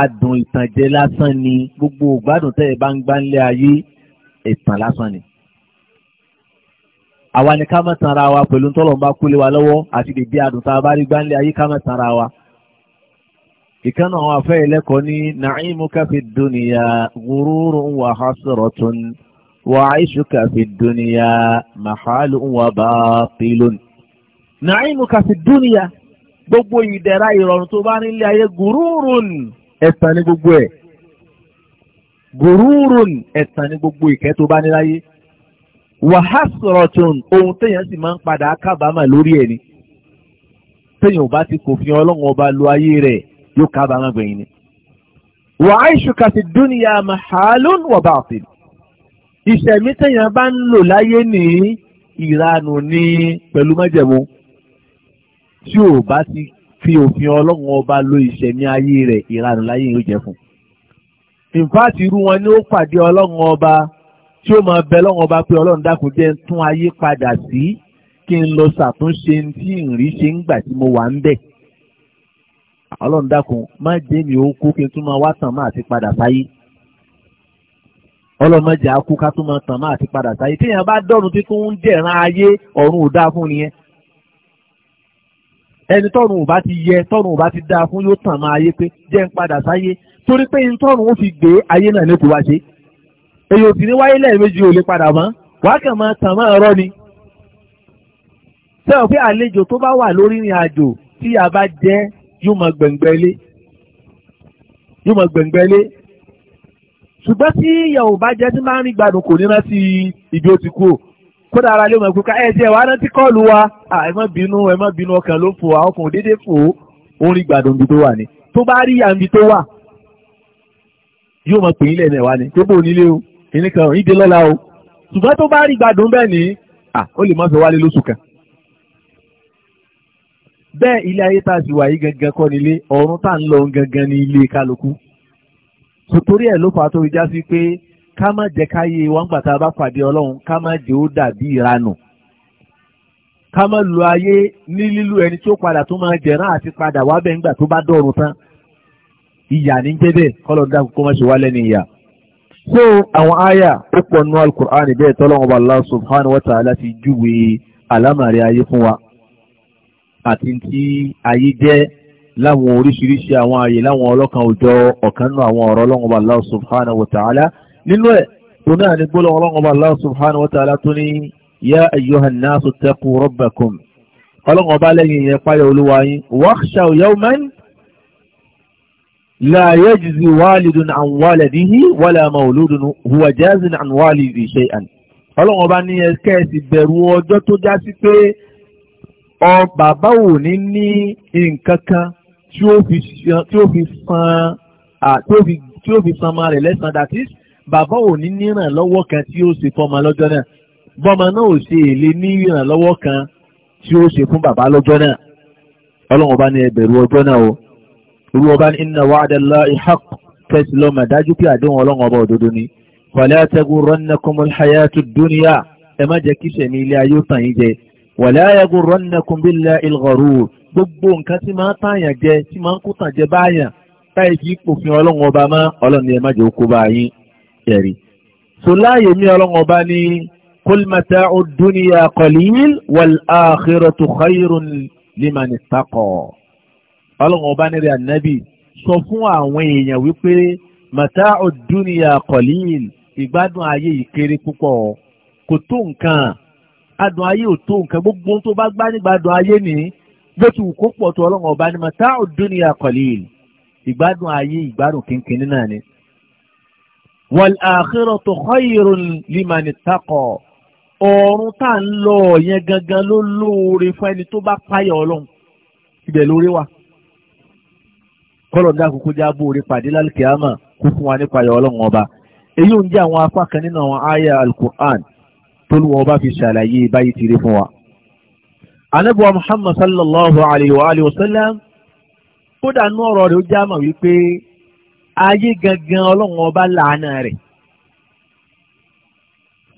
adùn ìtànjẹ lásán ni gbogbo ìgbádùn tẹ́ ẹ bá ń gbá nílé ayé ìtàn lásán ni. àwa ni ká má tanra wa pẹ̀lú tọ́lọ̀ ń bá kúlé wa lọ́wọ́ àti dèbí adùn tá a bá rí gbá nílé ayé ká má tanra wa ìkánà àwọn afẹ́ ẹlẹ́kọ̀ọ́ ní na'imuka fi dunya ghururun wa hasratun wa 'aishuka fi dunya mahalun wa batilun. na'imuka fi dunya gbogbo ìdẹ̀ra ìrọ̀rùn tó bá nílé ayé gùrúùrùn ẹ̀tàn ní gbogbo ẹ̀ gùrúùrùn ẹ̀tàn ní gbogbo ìkẹ́ tó bá nílé ayé wàhásọ̀rọ̀tún ohun téèyàn sì máa ń padà kábàámà lórí ẹ̀ ni téèyàn ò bá ti kò fi ọlọ́run ọba lu ayé rẹ̀ yóò kábàámọ̀ gbẹ̀yìn ni. wà á ìṣùkà sí dúnìyà mahalun wa batil. ìṣẹ̀mí tẹ̀yàn bá ń lò láyé ní ìranù ní pẹ̀lú májẹ̀mú tí ò bá ti fi òfin ọlọ́run ọba lo ìṣẹ̀mí ayé rẹ̀ ìranù láyé yóò jẹ́ fún. ìfáàtì irú wọn ni ó pàdé ọlọ́run ọba tí ó máa bẹ lọ́wọ́n ọba pé ọlọ́run dákun jẹ́ tún ayé padà sí kí n lọ ṣàtúnṣe tí ìrìn ṣe ń gbà tí mo wà ń bẹ̀ ọlọ́run dákun má jẹ́ mi ó kú kí n tún máa wá tàn máa ti padà sáyé ọlọ́run má jẹ́ akú ká tún máa tàn máa ti padà sáyé téèyàn bá dọ́run títún ń jẹ̀ràn ayé ọ̀run ò dáa fún nìyẹn ẹni tọ́run ò bá ti yẹ tọ́run ò bá ti dáa fún yóò tàn máa ayé pé jẹ́ ń padà sáyé torí pé n tọ́run ó fi gbé ayé náà ní wá ṣe èyí ò sì ní wáyé lẹ́ẹ̀mejì ò lè padà mọ́ wàá máa tàn máa rọ́ ni sẹ́wọ̀n pé àlejò tó bá wà lórí ìrìn àjò tí a bá jẹ́ yóò máa gbẹ̀ngbẹ̀ ilé yóò máa gbẹ̀ngbẹ̀ ilé ṣùgbọ́n tí ìyàwó bá jẹ́ tí máa ń rí kò ní rántí ibi ó ti kú kódà ara lé ọmọ ẹ̀ jẹ́ wàá rántí kọ́ọ̀lù wa ẹ má bínú ẹ má bínú ọkàn ló fò àwọn ọkùnrin déédéé fò ó ń rí gbádùn ibi tó wà ní tó bá rí àmì tó wà yóò máa pè nílẹ̀ náà wá ní tó bò nílé o ìníkan ìdè o ṣùgbọ́n tó bá rí gbádùn bẹ́ẹ̀ ní ó lè má fẹ́ wálé lóṣù kan bẹ́ẹ̀ ilé ayé tá a sì wà yí gangan kọ́ nílé ọ̀run tá à ń lọ gangan ní ilé kálukú sotori ẹ̀ ló fà á tó fi já sí pé ká má jẹ́ káyé wọn gbà tá a bá pàdé ọlọ́run ká má jẹ́ ó dàbí ìranù ká má lo ayé ní lílo ẹni tí padà tó máa jẹ̀rán àti padà wá bẹ́ẹ̀ ńgbà tó bá dọ̀run tán ìyà ní jẹ́ bẹ́ẹ̀ kọ́lọ̀ dákú kó má ṣe wá lẹ́nu ìyà. so àwọn àyà ó pọ̀ nù alukur'an bẹ́ẹ̀ tọ́lọ́wọ́n subhanahu wa ta'ala ti júwe àlámàrí ayé fún àti tí ayé jẹ́ láwọn oríṣiríṣi àwọn ààyè láwọn ọlọ́kan òjọ ọ̀kan nínú àwọn ọ̀rọ̀ ọlọ́run ọba Allah subhanahu wa ta'ala nínú ẹ̀ tó náà ní gbólóhùn ọlọ́run ọba Allah subhanahu wa ta'ala tó ní yá ayyuhan nasu taqu rabbakum ọlọ́run ọba lẹ́yìn yẹn páyọ̀ olúwa yín wakhshaw yawman la yajzi walidun an waladihi wala mawludun huwa jazin an walidi shay'an ọlọ́run ọba ní ẹ kẹ́ẹ̀sì bẹ̀rù ọjọ́ tó já sí pé ọ bàbá ò ní ní nǹkan kan tí ó fi san tí ó fi san ọmọ rẹ̀ lẹ́sàn dàtí bàbá ò ní ní ìrànlọ́wọ́ kan tí ó ṣe fọmọ lọ́jọ́ náà bọ́mọ náà ò ṣe èlé ní ìrànlọ́wọ́ kan tí ó ṣe fún bàbá lọ́jọ́ náà ọlọ́run ọba ní ẹbẹ̀rù ọjọ́ náà o irú ọba ní inna wa'da Allahi haqq kẹsì lọ́mọ dájú pé àdéhùn ọlọ́run ọba òdodo ni fala taghurrannakumul hayatud dunya ẹ má jẹ́ kíṣẹ̀ ní ilé ayé ó tàn yín jẹ wala yaghurrannakum billahi al-gharur gbogbo nǹkan tí máa ń tààyàn jẹ tí máa ń kó tàn jẹ báyàn táyì kì í pòfin ọlọ́run ọba má ọlọ́run ẹ má jẹ́ kó bá yín ẹ̀rí. so láàyè mi ọlọ́run ọba ní kul mata'ud dunya qalil wal akhiratu khayrun liman ittaqa. ọlọ́run ọba nílẹ̀ ànábì sọ fún àwọn èèyàn wípé mata'ud dunya qalil ìgbádùn ayé yìí púpọ̀ kò tó nǹkan adùn ayé ò tó nǹkan gbogbo tó bá gbá nígbà adùn ayé nìyí bó ti wù kó pọ̀ tó ọlọ́run ọba ni mata ad-dunya qalil ìgbádùn ayé ìgbádùn kínkínní náà ni. wal akhiratu khayrun liman ittaqa ọ̀run tá à ń lọ yẹn gangan ló lóore fún ẹni tó bá páyà ọlọ́run ibẹ̀ lóore wà. kọ́lọ̀dá kúkú já bóore pàdé lálùkìyámà kó wa nípa ayọ̀ ọlọ́run ọba èyí ò ń jẹ́ àwọn apá kan nínú àwọn àyà al tólúwọ́ bá fi ṣàlàyé báyìí ti rí fún wa. anábọ̀ muhammad sallallahu alayhi wa alayhi wa sallam kódà nú ọ̀rọ̀ rẹ̀ ó já mọ̀ wípé ayé gangan ọlọ́run ọba làánà rẹ̀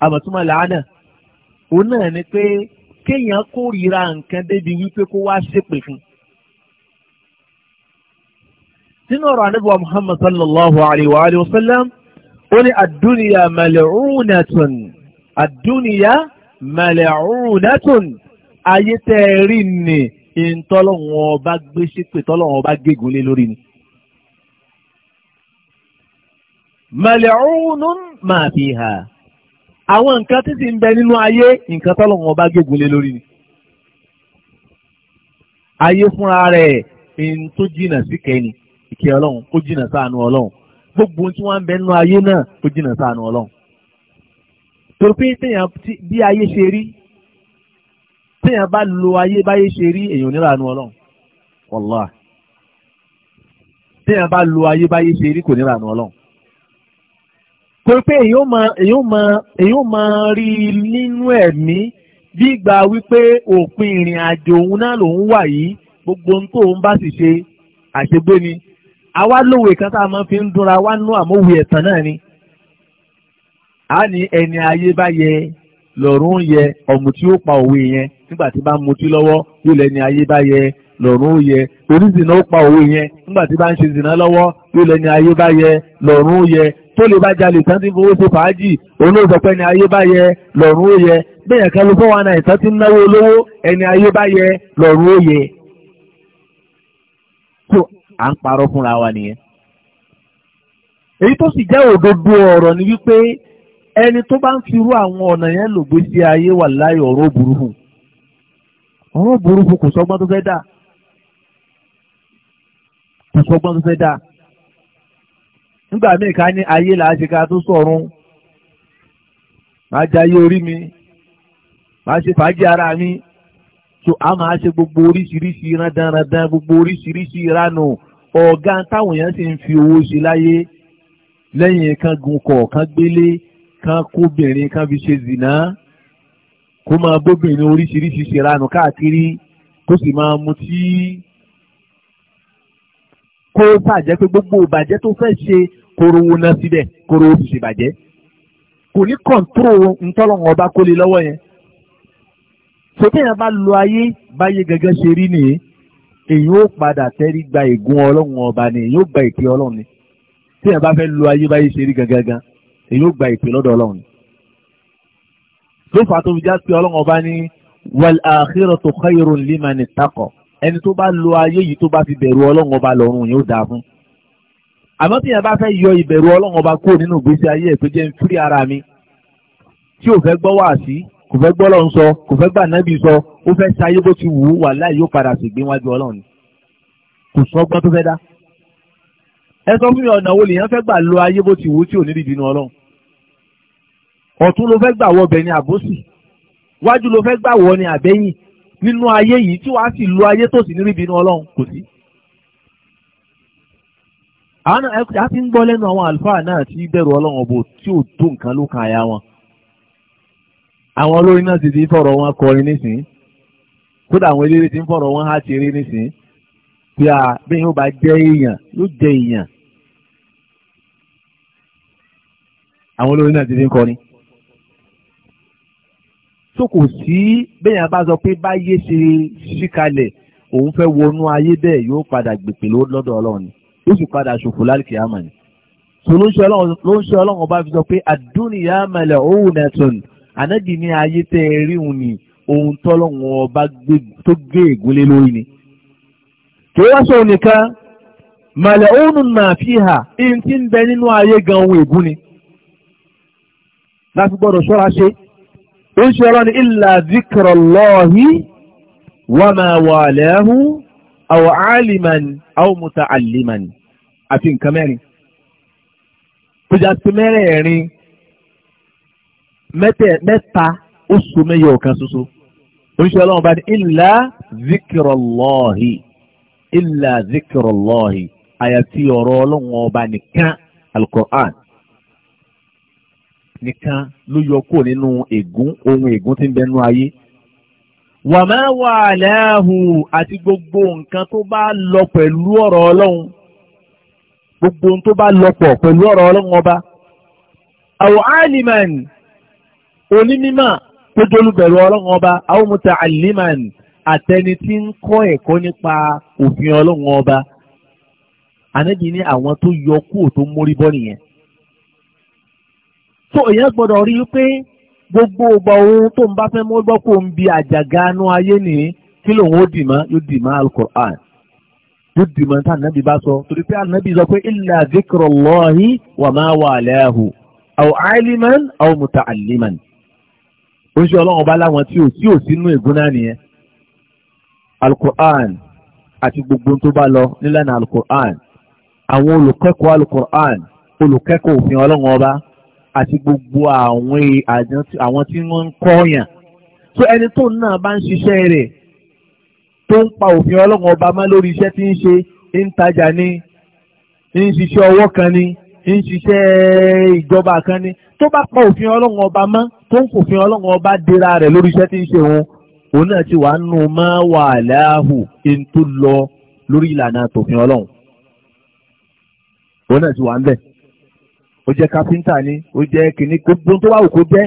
àmọ̀túnmọ̀ làánà òun náà ni pé kéèyàn kórìíra nǹkan débi wípé kó wá ṣépè fún un. ọ̀rọ̀ anábọ̀ muhammad sallallahu alayhi wa alayhi wa sallam ó ní àdúnyà mal'unatun àdúnìyá mẹlẹ̀rúnẹ́tùn ayé tẹ́ ẹ rí ni ìtọ́lọ́wọ́n ọba gbé sípè tọ́lọ́wọ́n ọba gégùn lé lórí ni. mẹlẹ̀rúnún máa fi hà àwọn nǹkan tí sì ń bẹ nínú ayé nǹkan tọ́lọ́wọ́n ọba gégùn lé lórí ni. ayé fúnra rẹ̀ ń tó jìnnà sí kẹ́ni ìkẹ́ ọlọ́run kó jìnnà sáànù ọlọ́run gbogbo tí wọ́n ń bẹ nínú ayé náà kó jìnnà sáànù ọlọ́run torí pé téèyàn bí ayé ṣe rí téèyàn bá lo ayé báyé ṣe rí èèyàn nílànà ọlọ́run wàlláhì téèyàn bá lo ayé báyé ṣe rí kò nílànà ọlọ́run torí pé èèyàn máa èèyàn máa èèyàn máa rí nínú ẹ̀mí bí ìgbà wípé òpin ìrìn àjò òun náà lòun wà yìí gbogbo ohun tóun bá sì ṣe àṣegbé ni àwa lówe kan tá a máa fi ń dúnra wá nú àmóhùn ẹ̀tàn náà ni a ní ẹni ayé bá yẹ lọ́rùn yẹ ọ̀mù tí ó pa òwe yẹn nígbà tí bá ń mutí lọ́wọ́ yóò lẹ́ni ayé bá yẹ lọ́rùn yẹ ó pa òwe yẹn nígbà tí bá ń ṣe ṣìnà lọ́wọ́ yóò lẹ́ni ayé bá yẹ lọ́rùn yẹ tó lè bá jalè tán tí fowó ṣe fàájì olóòsọpẹ́ ni ayé bá yẹ lọ́rùn yẹ bẹ́ẹ̀ wa náà náwó olówó ẹni ayé bá yẹ lọ́rùn yẹ. tó ẹni tó bá ń firú àwọn ọ̀nà yẹn lò gbé sí ayé wà láyé ọ̀rọ̀ burúkú ọ̀rọ̀ burúkú kò sọ́gbọ́n tó fẹ́ dà kò sọ́gbọ́n tó fẹ́ dà nígbà míì ká ní ayé là á ṣe ká tó sọ̀run màá jayé orí mi màá ṣe fàájì ara mi so a máa ṣe gbogbo oríṣiríṣi rádaràdà gbogbo oríṣiríṣi ìranù ọ̀gá táwọn èèyàn sì ń fi owó ṣe láyé lẹ́yìn kan gun kọ̀ọ̀kan gbélé kan kóbìnrin kan fi ṣe zìnà kó máa bóbìnrin oríṣiríṣi ṣèranù káàkiri kó sì máa mutí kó bàjẹ́ pé gbogbo ìbàjẹ́ tó fẹ́ ṣe kóró wọná síbẹ̀ kóró sì ṣe bàjẹ́ kò ní kọ̀ǹtúrò ntọ́lọ́wọ́n ọba kó lè lọ́wọ́ yẹn sọtẹ́yìn bá lo ayé báyé gẹ́gẹ́ ṣe rí nìyí èyí ó padà tẹ́rí gba ègún ọlọ́run ọba ni èyí ó gba ìpè ọlọ́run ni tẹ́yìn bá fẹ́ lo ayé báyé ṣe rí gangan èyí ó gba ìpè lọ́dọ̀ ọlọ́run ló fà tó fi já sí ọlọ́run ọba ní wal akhiratu khayrun liman ittaqa ẹni tó bá lo ayé yìí tó bá fi bẹ̀rù ọlọ́run ọba lọ́run yóò dáa fún àmọ́ tí yẹn bá fẹ́ yọ ìbẹ̀rù ọlọ́run ọba kúrò nínú ìgbésí ayé ẹ̀ tó jẹ́ ń ara mi tí ò fẹ́ gbọ́ wá sí kò fẹ́ gbọ́ lọ́run sọ kò fẹ́ gbà nábì sọ ó fẹ́ ṣayé bó ti wù ú wàláhì yóò padà ṣègbé wájú ọlọ́run kò sọ́gbọ́n tó fẹ́ dá ẹ sọ fún mi ọ̀nà wo lèèyàn fẹ́ gbà lo ayé bó ti wù ú tí ò ní dìbìnú ọlọ́run ọ̀tún ló fẹ́ gbà ọbẹ̀ ni àbòsì wájú ló fẹ́ gbà ni àbẹ́yìn nínú ayé yìí tí wàá sì lo ayé tó sì níbi inú ọlọ́run kò sí. a ti ń gbọ́ lẹ́nu àwọn àlùfáà náà ti bẹ̀rù ọlọ́run ọ̀bọ̀ tí ò tó nǹkan ló kan wọn. àwọn olórin náà ti ti fọ̀rọ̀ kọrin kódà àwọn eléré ti ń fọ̀rọ̀ wọn ti rí a bẹ́ẹ̀ yóò bá jẹ́ èèyàn kọrin. so kò sí bẹ́ẹ̀ yẹn bá sọ pé báyé ṣe ṣíkalẹ̀ òun fẹ́ wọnú ayé bẹ́ẹ̀ yóò padà gbèpè lọ́dọ̀ ọlọ́run ni ó sì padà ṣòfò lálùkì àmà ni. so ló ń ṣe ọlọ́run ọba fi sọ pé àdúnìyá àmàlẹ̀ òun nẹ̀tùn ànábì ní ayé tẹ́ ẹ rí òun ni ohun tọ́lọ́run ọba tó gbé ègúnlé lórí ni. kí wọ́n sọ nìkan màlẹ̀ òun mà fi hà ihun tí ń bẹ nínú ayé gan ohun ègún ni. láti gbọ́dọ̀ ṣọ́ra ṣe ó ń ṣe ọ̀rọ̀ ní illa zikrallahi wa ma walahu aw aliman aw muta'alliman àti nǹkan mẹ́rin tó jà sí mẹ́rẹ̀ẹ̀rin mẹ́ta ó so mẹ́yọ̀ ọ̀kan ṣoṣo oníṣẹ́ ọlọ́run bá ní illa zikrallahi illa zikrallahi àyàfi ọ̀rọ̀ ọlọ́run ọba nìkan al nìkan ló yọ kúrò nínú ègún ohun ègún tí ń bẹnu ayé. wàmẹ́ wà lẹ́hù àti gbogbo nǹkan tó bá lọ pẹ̀lú ọ̀rọ̀ ọlọ́run gbogbo tó bá lọ pọ̀ pẹ̀lú ọ̀rọ̀ ọlọ́run ọba. àwọn aliman onímímà tó dolúbẹ̀rù ọlọ́run ọba àwọn mùtà aliman àtẹni tí ń kọ́ ẹ̀kọ́ nípa òfin ọlọ́run ọba. ànábì ní àwọn tó yọ kúrò tó mórí bọ́ nìyẹn. so èèyàn gbọdọ rí pé gbogbo ọgbà ohun tó ń bá fẹ́ mọ́ gbọ́ kó ń bi àjàgà anú ayé ni kí lòun ó dì mọ́ yóò dì mọ́ alukur'an yóò dì bá sọ torí pé ànábì sọ pé illa zikrullahi wa ma aliman aw muta'alliman ọlọ́run bá láwọn tí ò sí ò ìgúnná nìyẹn alukur'an àti gbogbo tó bá lọ nílànà alukur'an àwọn olùkẹ́kọ̀ọ́ alukur'an olùkẹ́kọ̀ọ́ òfin ọlọ́run àti gbogbo e, àwọn tí wọ́n ń kọ́ọ̀yàn tó ẹni tó náà bá ń ṣiṣẹ́ rẹ̀ tó ń pa òfin ọlọ́run ọba má lórí iṣẹ́ tí ń ṣe ń tajà ni ń ṣiṣẹ́ ọwọ́ kan ni ń ṣiṣẹ́ ìjọba kan ni tó bá pa òfin ọlọ́run ọba mọ́ tó ń fòfin ọlọ́run ọba dira rẹ̀ lórí iṣẹ́ tí ń ṣe òun òun náà ti wà nù mọ́ wàhálàhù ẹni tó lọ lórí ìlànà tòfin ọlọ́run òun náà ti wà ń bẹ̀ ó jẹ́ kápẹ́ńtà ni ó jẹ́ kìnní gbogbo tó bá wù jẹ́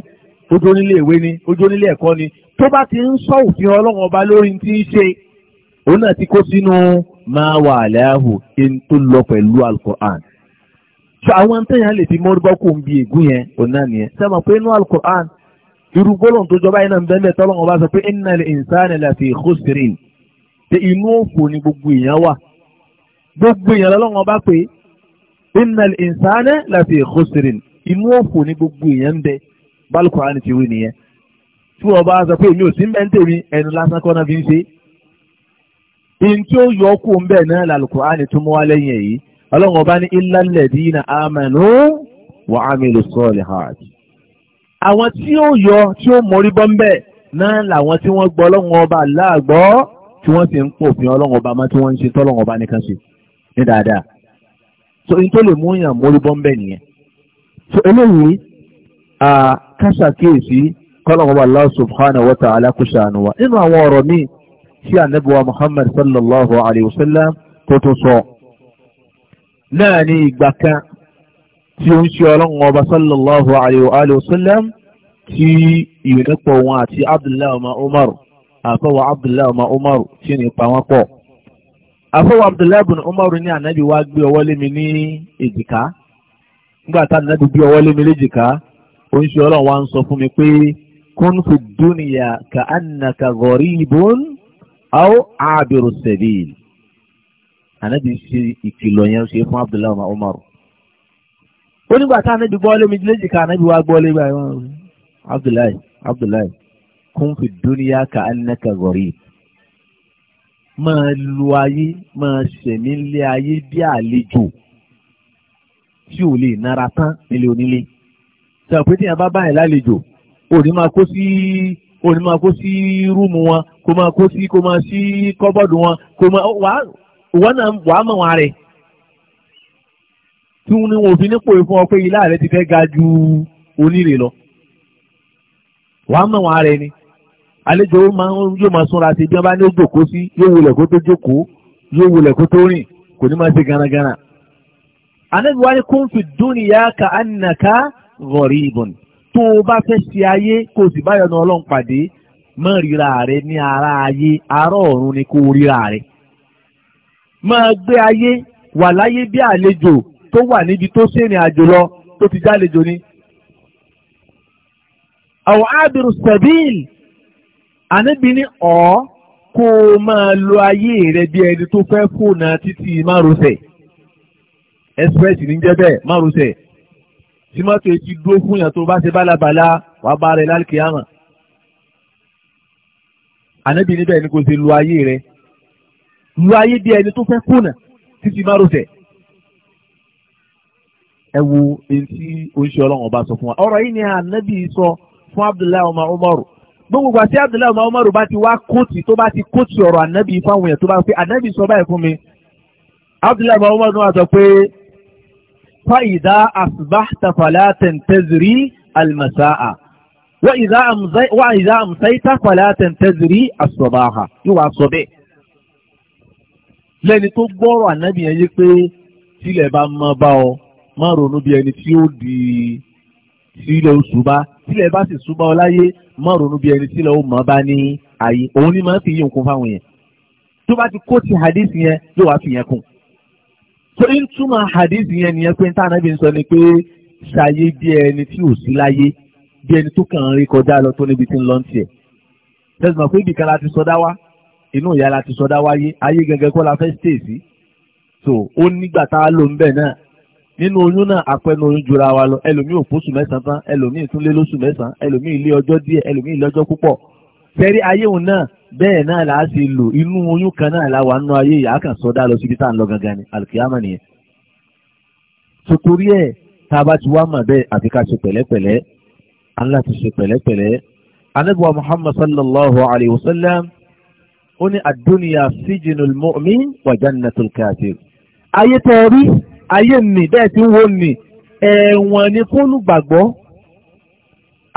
ó dúró nílé ìwé ni ó dúró nílé ẹ̀kọ́ ni tó bá ti ń sọ òfin ọlọ́run ọba lórí ti ń ṣe òun náà ti kó sínú máa wà aláhù ẹni tó lọ pẹ̀lú alukur'an so àwọn téèyàn lè fi mọ́rúbọ́kù ń bi ègún yẹn òun náà nìyẹn sẹ́mi pé inú alukur'an irú gbólóhùn tó jọba iná bẹ́ẹ̀ tọ́lọ́run ọba sọ pé innal insana lafi khusrin pé inú òfò ni gbogbo èèyàn wà gbogbo èèyàn lọ́lọ́run ọba pé innal insana lafi khusrin inú òfò ní gbogbo èèyàn bẹ bálùkù àni ti wí nìyẹn tí wọn bá sọ pé èmi ò sí ń bẹ ń tèmi ẹnu lásán kọ́nà fi ń ṣe in tí ó yọ kó ń bẹ náà lálùkù àni tó mú wá lẹ́yìn èyí ọlọ́run ọba ní illal ladina amanu wa amilu solihat àwọn tí ó yọ tí ó mọrí bọ́ ń bẹ náà làwọn tí wọ́n gbọ́ ọlọ́run ọba láàgbọ́ tí wọ́n sì ń pòfin ọlọ́run ọba mọ́ tí wọ́n ń ṣe tọ́lọ́run ọba nìkan ṣe ní dáadáa so n tó lè mú yàn mórí bọ́m̀bẹ́ nìyẹn so eléyìí káṣàkíyèsí kọ́lọ́mọba Allah subhanahu wa ta'ala kó ṣàánú wa nínú àwọn ọ̀rọ̀ míì tí ànábùwà Muhammad sallallahu alayhi wa sallam tó tó sọ náà ní ìgbà kan tí ó ń ṣe ọlọ́run sallallahu alayhi wa sallam tí ìrẹ́pọ̀ wọn àti Abdullahi Umar àfọwọ́ Abdullahi Umar tí ní pa wọn pọ̀ àfọwọ́ abdullahi bin umaru ní ànábì wá gbé ọwọ́ lémi ní èjìká nígbà tá ànábì gbé ọwọ́ lémi léjìká oníṣẹ Ọlọ́run wa ń sọ fún mi pé kún fi dúnìyà ka annaka gharibun aw abiru sabil ànábì ṣe ìkìlọ̀ yẹn ṣe fún abdullahi bin umaru ó nígbà tá ànábì gbọ́ lémi léjìká ànábì wá gbọ́ lémi àyẹ̀wò abdullahi abdullahi kún fi dúnìyà ka annaka gharib máa lu ayé máa ṣẹ̀mí lé ayé bí àlejò tí ò lè nara tán nílé onílé sọ pé tí yẹn bá báyìí lálejò òní máa kó sí òní máa kó sí rúùmù wọn kó máa kó sí kó máa sí kọ́bọ́ọ̀dù wọn kó máa wà wọ́n náà wà mọ̀ wọn rẹ̀ tí wọn ní wọn òfin nípò ìfún ọ pé ilá rẹ ti fẹ́ ga ju onírè lọ wà mọ̀ wọn rẹ̀ ni àlejò yóò máa súnra sí bí wọ́n bá ní ó jókòó sí yóò wulẹ̀ kó tó jókòó yóò wulẹ̀ kó tó rìn kò ní máa ṣe garagara. Ànábì wa ni kún fi dúnìyà ka ànàká gharibun tó o bá fẹ́ ṣe ayé kó o sì bá yọnu ọlọ́run pàdé má ríra rẹ ní ara ayé ará ọ̀run ni kó o ríra rẹ. máa gbé ayé wà láyé bí àlejò tó wà níbi tó ṣèrìn àjò lọ tó ti jálejò ni. àwọn ábìrù sẹ̀bíìlì ànábì ní kó o máa lo ayé rẹ bí ẹni tó fẹ́ fònà títí márosẹ̀ express ní jẹ́ bẹ́ẹ̀ márosẹ̀ tí mọ́tò etí dúró fún yàn tó bá ṣe bálabàla wàá bá rẹ lálùkì àmà ànábì níbẹ̀ ni kò ṣe lo ayé rẹ lo ayé bí ẹni tó fẹ́ fònà títí márosẹ̀ ẹ wo èyí oṣù ọlọ́run ọba sọ fún wa ọ̀rọ̀ yìí ni ànábì sọ fún Abdullahi ọmọ Umaru gbogbo àti abdullahi ọmọ ọmọrù bá ti wá kóòtù tó bá ti kóòtù ọ̀rọ̀ ànábì fáwọn èèyàn tó bá pé ànábì sọ báyìí fún mi abdullahi ọmọ ọmọrù náà sọ pé fàyídá asbahta fala tantaziri almasa'a wa ìdá amsaita fala tantaziri asbaha ìwà sọ bẹ́ẹ̀. lẹ́ni tó gbọ́rọ̀ ànábì yẹn yé pé tílẹ̀ bá mọ́ bá ọ má ronú bí ẹni tí ó di sílẹ̀ oṣù bá sílẹ̀ bá sì súnmọ́ ọ láyé má ronú bí ẹni sílẹ̀ ó mọ̀ bá ní ayé òun ni máa ń fi yí nǹkan fáwọn yẹn tó bá ti kó ti hadith yẹn yóò wá fi yẹn kún tó ń túmọ̀ hadith yẹn nìyẹn pé táwọn ẹbí ń sọ ni pé ṣayé bí ẹni tí ò sí láyé bí ẹni tó kàn ń rí kọjá lọ tó níbi tí ń lọ ń tiẹ̀ tẹ̀sán pé ibìkan la ti sọdá wá inú ìyá la ti sọdá wáyé ayé gẹ́gẹ́ kọ́ la fẹ́ stay sí so ó nígbà tá lò ń bẹ̀ náà nínú oyún náà àpẹnu oyún jura wa lọ ẹlòmíì ò fóṣù mẹ́sàn-án tán ẹlòmíì tún lé lóṣù mẹ́sàn-án ẹlòmíì ilé ọjọ́ díẹ̀ ẹlòmíì ilé ọjọ́ púpọ̀ fẹ́rí ayé òun náà bẹ́ẹ̀ náà là á ṣe lò inú oyún kan náà la wà nínú ayé yìí àkàn sọdá lọ síbi tá à ń lọ gangan ni alùkìyàmà nìyẹn. sotori ẹ̀ tá a bá ti wá mà bẹ́ẹ̀ àfi ká ṣe pẹ̀lẹ́pẹ̀lẹ́ Allah ti ṣe pẹ̀lẹ́pẹ̀lẹ́ anabiwa muhammad sallallahu alayhi wa sallam ó ní ad-dunya sijnul mu'min wa jannatul kafir ayé tẹ́ẹ̀rí ayé nì bẹ́ẹ̀ tí ń wo nì ẹ̀wọ̀n ni fólùgbàgbọ́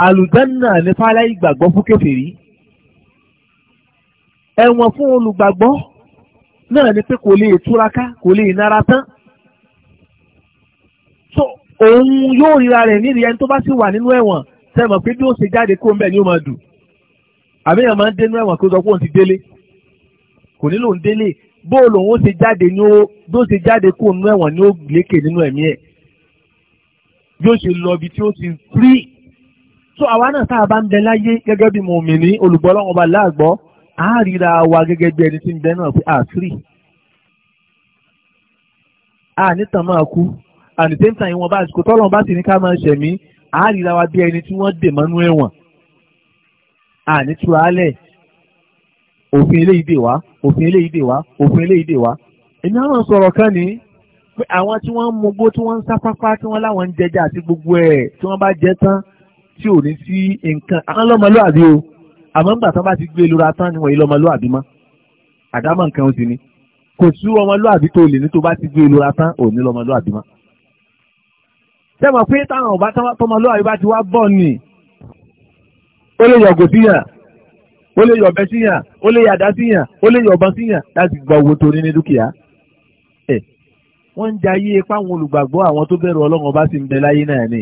àlùjànnà ní fáláì gbàgbọ́ fún kèfèrí ẹ̀wọ̀n fún olùgbàgbọ́ náà ni pé kò lè túraká kò lè nara tán so òun yóò ríra rẹ̀ ní ìrìn ẹni tó bá sì wà nínú ẹ̀wọ̀n sẹ́mọ̀ pé bí ó ṣe jáde kó ń bẹ̀ ni ó máa dùn àbẹ́yàn máa ń dénú ẹ̀wọ̀n kó sọ pé òun ti délé kò nílò ń délé bó lòun ṣe jáde ní ó bó ṣe jáde kó nú ẹ̀wọ̀n ní ó lékè nínú ẹ̀mí ẹ̀ bí ó ṣe lọ ibi tí ó ti rí so àwa náà tá a bá ń bẹ láyé gẹ́gẹ́ bí mùmínì olùgbọ́ ọlọ́run ọba láàgbọ́ á ríra wa gẹ́gẹ́ bí ẹni tí ń bẹ náà pé àṣírí a nítàn máa kú àní tẹ́ńtà yìí wọn bá àsìkò tọ́lọ́run bá sì ní ká máa ṣẹ̀mí á ríra wa bí ẹni tí wọ́n dè mọ́nú ẹ̀wọ̀n àní tú alẹ̀ òfin eléyìí dè wá òfin eléyìí dè wá òfin eléyìí dè wá èmi àwọn sọ̀rọ̀ kan ní pé àwọn tí wọ́n ń mugbó tí wọ́n ń sápápá tí wọ́n láwọn ń jẹjẹ àti gbogbo ẹ̀ tí wọ́n bá jẹ tán tí ò ní sí nǹkan àwọn lọ́mọlúàbí o àmọ́ ńgbà tán bá ti gbé e lura tán ni wọ́n yìí lọ́mọlúàbí mọ́ àdámọ̀ nǹkan oṣù ni kò sí ọmọlúàbí tó lè ní tó bá ti gbé e lura tán ò ní lọ́mọlúàbí mọ́. sẹ́mọ̀ pé táwọn ọ̀bá tọmọlúàbí bá ti wá bọ̀ ni ó lè yọ̀gò síyàn ó lè yọ̀bẹ síyàn ó lè yàdá síyàn ó lè yọ̀bọn síyàn láti gba owó torí ní dúkìá. ẹ wọ́n ń jayé fáwọn olùgbàgbọ́ àwọn tó bẹ̀rù ọlọ́run ọba sì ń bẹ láyé náà ni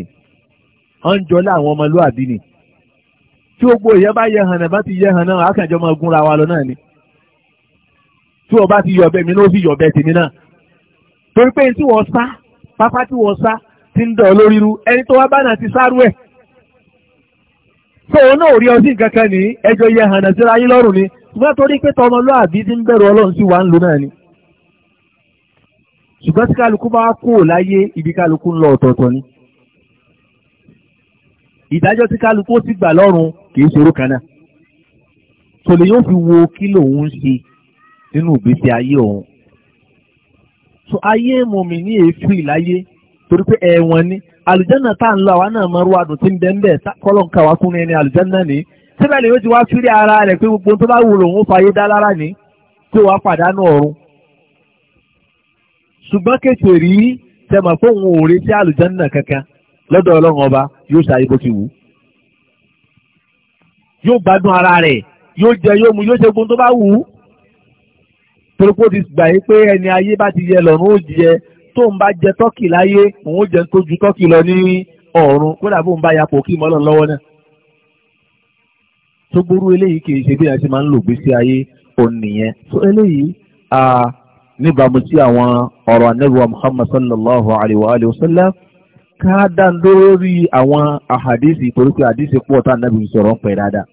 wọ́n ń jọlá àwọn ọmọlúàbí ni tí gbogbo ìyẹn bá yẹ hàn náà bá ti yẹ hàn náà akànjọ́ máa gúnra wa lọ náà ni tí wọ́n bá ti yọ̀bẹ mi náà ó sì yọ̀bẹ tèmi náà torí pé tí wọ́n sá pápá tí wọ́n sá ti ń dọ̀ lórí ru ẹni tó wá bá náà ti sárú tó o náà rí ọtí kankan ní ẹjọ́ yẹ hànà síra yín lọ́rùn ni ṣùgbọ́n torí pé tọmọlúàbí ti ń bẹ̀rù ọlọ́run sí wa ń lò náà ni. ṣùgbọ́n tí kálukú bá kú láyé ibi kálukú ń lọ ọ̀tọ̀ọ̀tọ̀ ni. ìdájọ́ tí kálukú ti gbà lọ́rùn kì í ṣerú kan náà. tòlè yóò fi wo kí lòun ṣe nínú ìgbésí ayé òun. so ayé mọ̀mí ní èéfì láyé torí pé ẹ̀wọ̀n ni àlùjànnà tá à ń lọ àwa náà mọ irú adùn tí ń bẹ́ẹ̀ kọ́lọ̀ ń kà wá kún ní àlùjànnà ni síbẹ̀ ni yóò ti wá sírí ara rẹ̀ pé gbogbo tó bá wù lòun ó fàyè dá lára ní tí ó wá pàdánù ọ̀run. ṣùgbọ́n kéṣe rí tẹmọ̀ fóun ò rí sí àlùjànnà kankan lọ́dọ̀ ọlọ́run ọba yóò ṣàyè bó ti wù. yóò gbádùn ara rẹ̀ yóò jẹ yóò mu yóò ṣe gbogbo tó bá wù ú. torí pé ó ti gbà yí pé ẹni ayé bá ti yẹ lọ́run ó jẹ tó ń bá jẹ tọ́kì láyé òun ó jẹun tó ju tọ́kì lọ ní ọ̀run kódà bó ń bá yapò kí mọ́ lọ́n lọ́wọ́ náà. tó gbóró eléyìí kì í ṣe bí a ṣe máa ń lò gbèsè ayé òun nìyẹn tó eléyìí níbàámu sí àwọn ọ̀rọ̀ anábìwá Muhammad sallallahu alayhi wa alayhi wa sallam ká dáa lórí àwọn àhàdísì torí pé àdísì pọ̀ tá anábì sọ̀rọ̀ ń pẹ̀ dáadáa.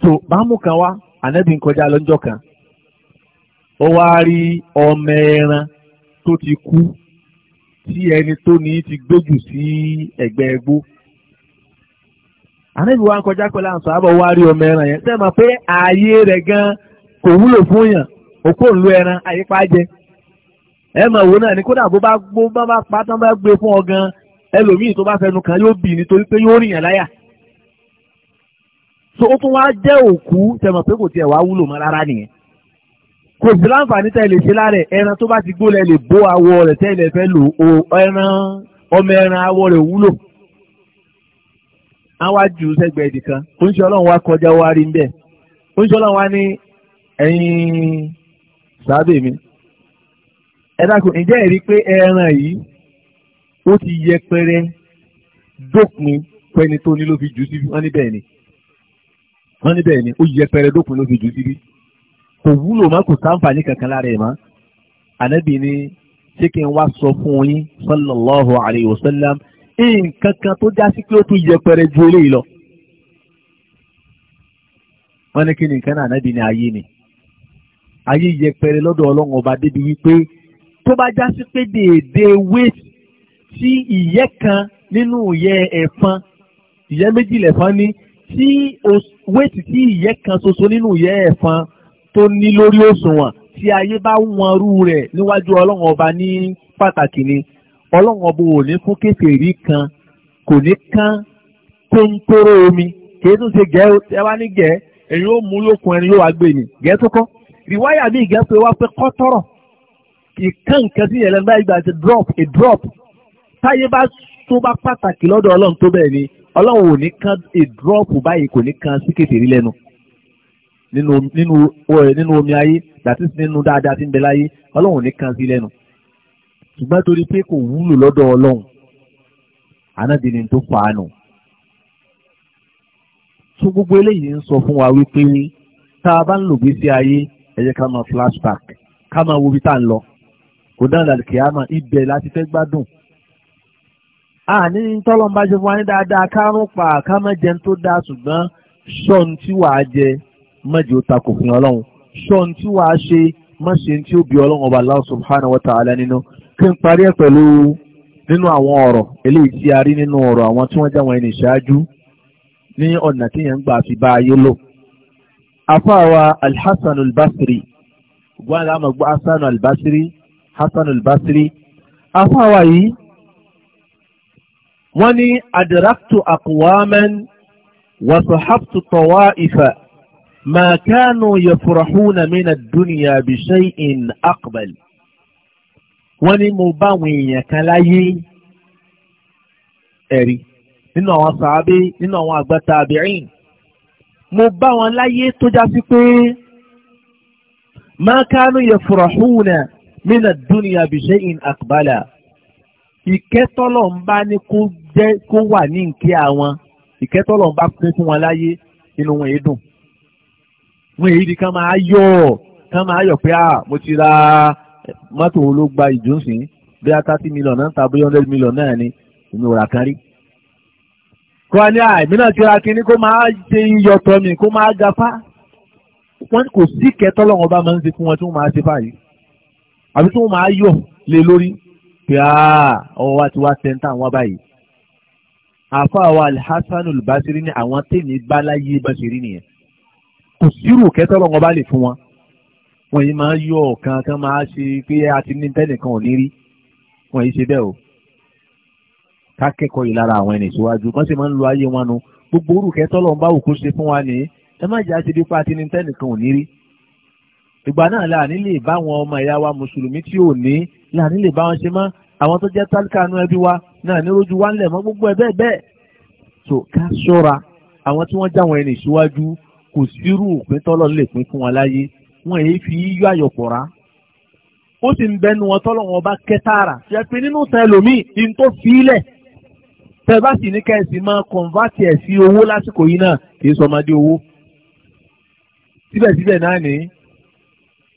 tó bámu kan wá anábì ń kọjá lọ́jọ́ kan ó wá rí ọmọ ẹran tó ti kú tí ẹni tó ní ti gbójú sí ẹ̀gbẹ́ ẹgbó. ànábì wa ń kọjá pẹ̀lú àwọn sàábọ̀ wá rí ọmọ ẹran yẹn sẹ́ẹ̀ mọ̀ pé ààyè rẹ̀ gan kò wúlò fún yàn òkú òun ẹran àyípa jẹ. ẹ mọ̀ wo náà ni kódà bó bá gbó bá bá pa tán bá gbé fún ọ gan ẹlòmíì tó bá fẹnu kan yóò bì nítorí pé yóò rìnyàn láyà. so ó tún wá jẹ́ òkú tẹ̀mọ̀ pé kò tiẹ̀ wá wúlò mọ́ rárá nìyẹn kò sí láǹfààní tẹ́lẹ̀ ṣe lára ẹran tó bá ti gbó lẹ́lẹ̀ bó awọ rẹ̀ tẹ́lẹ̀ fẹ́ lò ó ẹran ọmọ ẹran awọ rẹ̀ wúlò awájú sẹ́gbẹ̀ẹ́ nìkan oúnjẹ ọlọ́run wá kọjá wá rí bẹ́ẹ̀ oúnjẹ ọlọ́run wá ní ẹ̀yin sábẹ́ mi ẹ dákun ǹjẹ́ ẹ̀rí pé ẹran yìí ó ti yẹpẹrẹ dópin pẹni tó ní ló fi jù síbi wọ́n ní bẹ́ẹ̀ ni wọ́n ní bẹ́ẹ̀ ni ó yẹpẹrẹ dópin ló fi jù síbi kò wúlò mọ́ kò sáǹfààní kankan lára ẹ̀ mọ́ ànábì ni ṣé kí n wá sọ fún yín sallallahu alayhi wa sallam nǹkan kan tó já sí pé ó tún yẹpẹrẹ ju eléyìí lọ. wọ́n ní kí ni nǹkan náà ànábì ni ayé ni ayé yẹpẹrẹ lọ́dọ̀ ọlọ́run ọba débi wípé tó bá já sí pé déédéé wéètì tí ìyẹ́ kan nínú ìyẹ́ ẹ̀fọn ìyẹ́ méjìlélẹ́fọn ní tí wéètì tí ìyẹ́ kan ṣoṣo nínú ìyẹ́ ẹ̀fọn tó ní lórí òṣùwọ̀n tí ayé bá wọn rú rẹ̀ níwájú ọlọ́run ọba ní pàtàkì ni ọlọ́run ọba ò ní fún kèfèrí kan kò ní kán tó ń tóró omi kìí tún ṣe gẹ́ ẹ wá ní gẹ́ ẹ̀yin ó mú lókun ẹni yóò wá gbé ni gẹ́ tó kọ́ rìwáyà mi gẹ́ pé wá pé kọ́tọ́rọ̀ ìkán nǹkan sí ìyẹlẹ́nu báyìí gba ti drop a drop táyé bá tó bá pàtàkì lọ́dọ̀ ọlọ́run tó bẹ́ẹ̀ ni ọlọ́run ò ní kán a drop báyìí kò ní kán sí kèfèrí lẹ́nu nínú nínú nínú omi ayé dàtí nínú dáadáa tí ń bẹ láyé ọlọ́run ní kan sí lẹ́nu ṣùgbọ́n torí pé kò wúlò lọ́dọ̀ ọlọ́run anábìnrin tó fà á nù. tó gbogbo eléyìí ń sọ fún wa wípé tá a bá ń lò gbèsè ayé ẹ ká máa flashback ká máa wo ibi tá à ń lọ kò dáhùn dàlù kìá máa ibẹ̀ láti fẹ́ gbádùn. a ní tọ́lọ́mbájẹ́ fún wa ní dáadáa ká rún pa ká má jẹun tó dáa ṣùgbọ́n ṣọ́ọ̀n tí wàá jẹ mẹ́jọ takò fún ọlọ́run ṣọ́n tí wàá ṣe má ṣe tí ó bí ọlọ́run ọba Allah subhanahu wa ta'ala nínú kí n parí ẹ̀ pẹ̀lú nínú àwọn ọ̀rọ̀ eléyìí tí a rí nínú ọ̀rọ̀ àwọn tí wọ́n jẹ́ àwọn ẹni ìṣáájú ní ọ̀nà tí yẹn ń gbà fi bá ayé lò. afáwa alhassan albasri gbọ́n àlámọ̀ gbọ́ hassan albasri hassan albasri afáwa yìí wọ́n ní adraktu aqwaman wa sahabtu tawaifa. ما كانوا يفرحون من الدنيا بشيء أقبل wọ́n ní mo bá àwọn èèyàn kan láyé ẹ̀rí nínú àwọn sàábé nínú àwọn àgbà tàbíìn mo bá wọn láyé tó já sí pé ما كانوا يفرحون من الدنيا بشيء أقبل ìkẹ́tọ́lọ̀ ń bá ní kó wà ní nkí àwọn ìkẹ́tọ́lọ̀ ń bá pín fún wọn láyé inú wọn èédùn wọn èyí di kán máa yọ̀ kán máa yọ̀ pé à mo ti ra mọ́tò ló gba ìjọsìn bí a thirty million náà ta bí hundred million náà ni èmi ò rà kan rí. kọ́ ni àìmí náà ti ra kínní kó máa ṣe iyọ̀tọ̀ mi kó máa gafá wọ́n kò sí kẹtọ́ lọ́wọ́ bá máa ń ṣe fún wọn tí wọ́n máa ṣe báyìí àbí tí wọ́n máa yọ̀ lé lórí pé ọwọ́ wa ti wá sẹ́ńtà wọn báyìí. àfa wa alhassan olùbásírí ni àwọn tèmi bá láyé bá nìyẹn kò sírò kẹtọ́ lọ́wọ́ bá lè fún wọn wọn yìí máa yọ ọ̀kan kan máa ṣe pé a ti ní tẹ́nìkan ò ní rí wọn yìí ṣe bẹ́ẹ̀ o ká kẹ́kọ̀ọ́ yìí lára àwọn ẹni ìṣíwájú wọ́n sì máa ń lo ayé wọn nu gbogbo orú kẹtọ́ lọ́wọ́ bá òkú ṣe fún wa ní ẹ má jẹ́ àti bí pa ti ní tẹ́nìkan ò ní rí ìgbà náà là nílé báwọn ọmọ ìyá wa mùsùlùmí tí ò ní là nílé báwọn ṣe mọ́ àwọn tó jẹ́ tálíkàánú ẹbí wa náà ní rojú wa ńlẹ̀ mọ́ gbogbo ẹ̀ bẹ́ẹ̀ bẹ́ẹ̀ so ká ṣọ́ra àwọn tí wọ́n jáwọn ẹni ìṣíwájú kò sírú òpin tọ́lọ̀ lè pín fún wọn láyé wọn èyí fi yíyọ àyọ̀pọ̀ rá ó sì ń bẹnu wọn tọ́lọ̀ wọn bá kẹtàrà ṣe pé nínú tẹ lòmíì ní tó fílẹ̀ tẹ bá sì ní kẹ́sì máa kọ̀ǹvátì ẹ̀ sí owó lásìkò yìí náà kì í sọmọdé owó síbẹ̀síbẹ̀ náà ni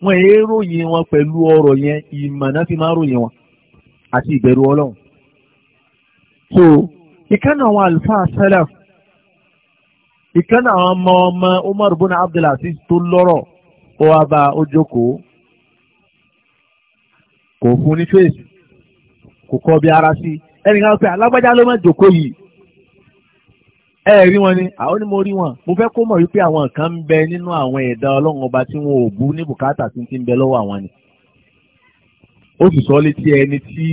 wọn èyí ròyìn wọn pẹ̀lú ọ̀rọ̀ yẹn ìmọ̀nà fi máa ròyìn wọn àti ìbẹ̀rù ọlọ́run so ìkànnì àwọn àlùfáà sẹ́lẹ̀f ìkan àwọn ọmọ ọmọ Umar buna Abdulaziz tó lọ́rọ̀ ó wá bá ó jókòó kò fún ní fèsì kò kọ́ bí ara sí ẹnìkan pé alágbájá ló máa jókòó yìí ẹ rí wọn ni àwọn ni mo rí wọn mo fẹ́ kó mọ̀ wípé àwọn kan ń bẹ nínú àwọn ẹ̀dá ọlọ́run ọba tí wọn ò bú ní bùkátà tí ti ń bẹ lọ́wọ́ àwọn ni ó sì sọ létí ẹni tí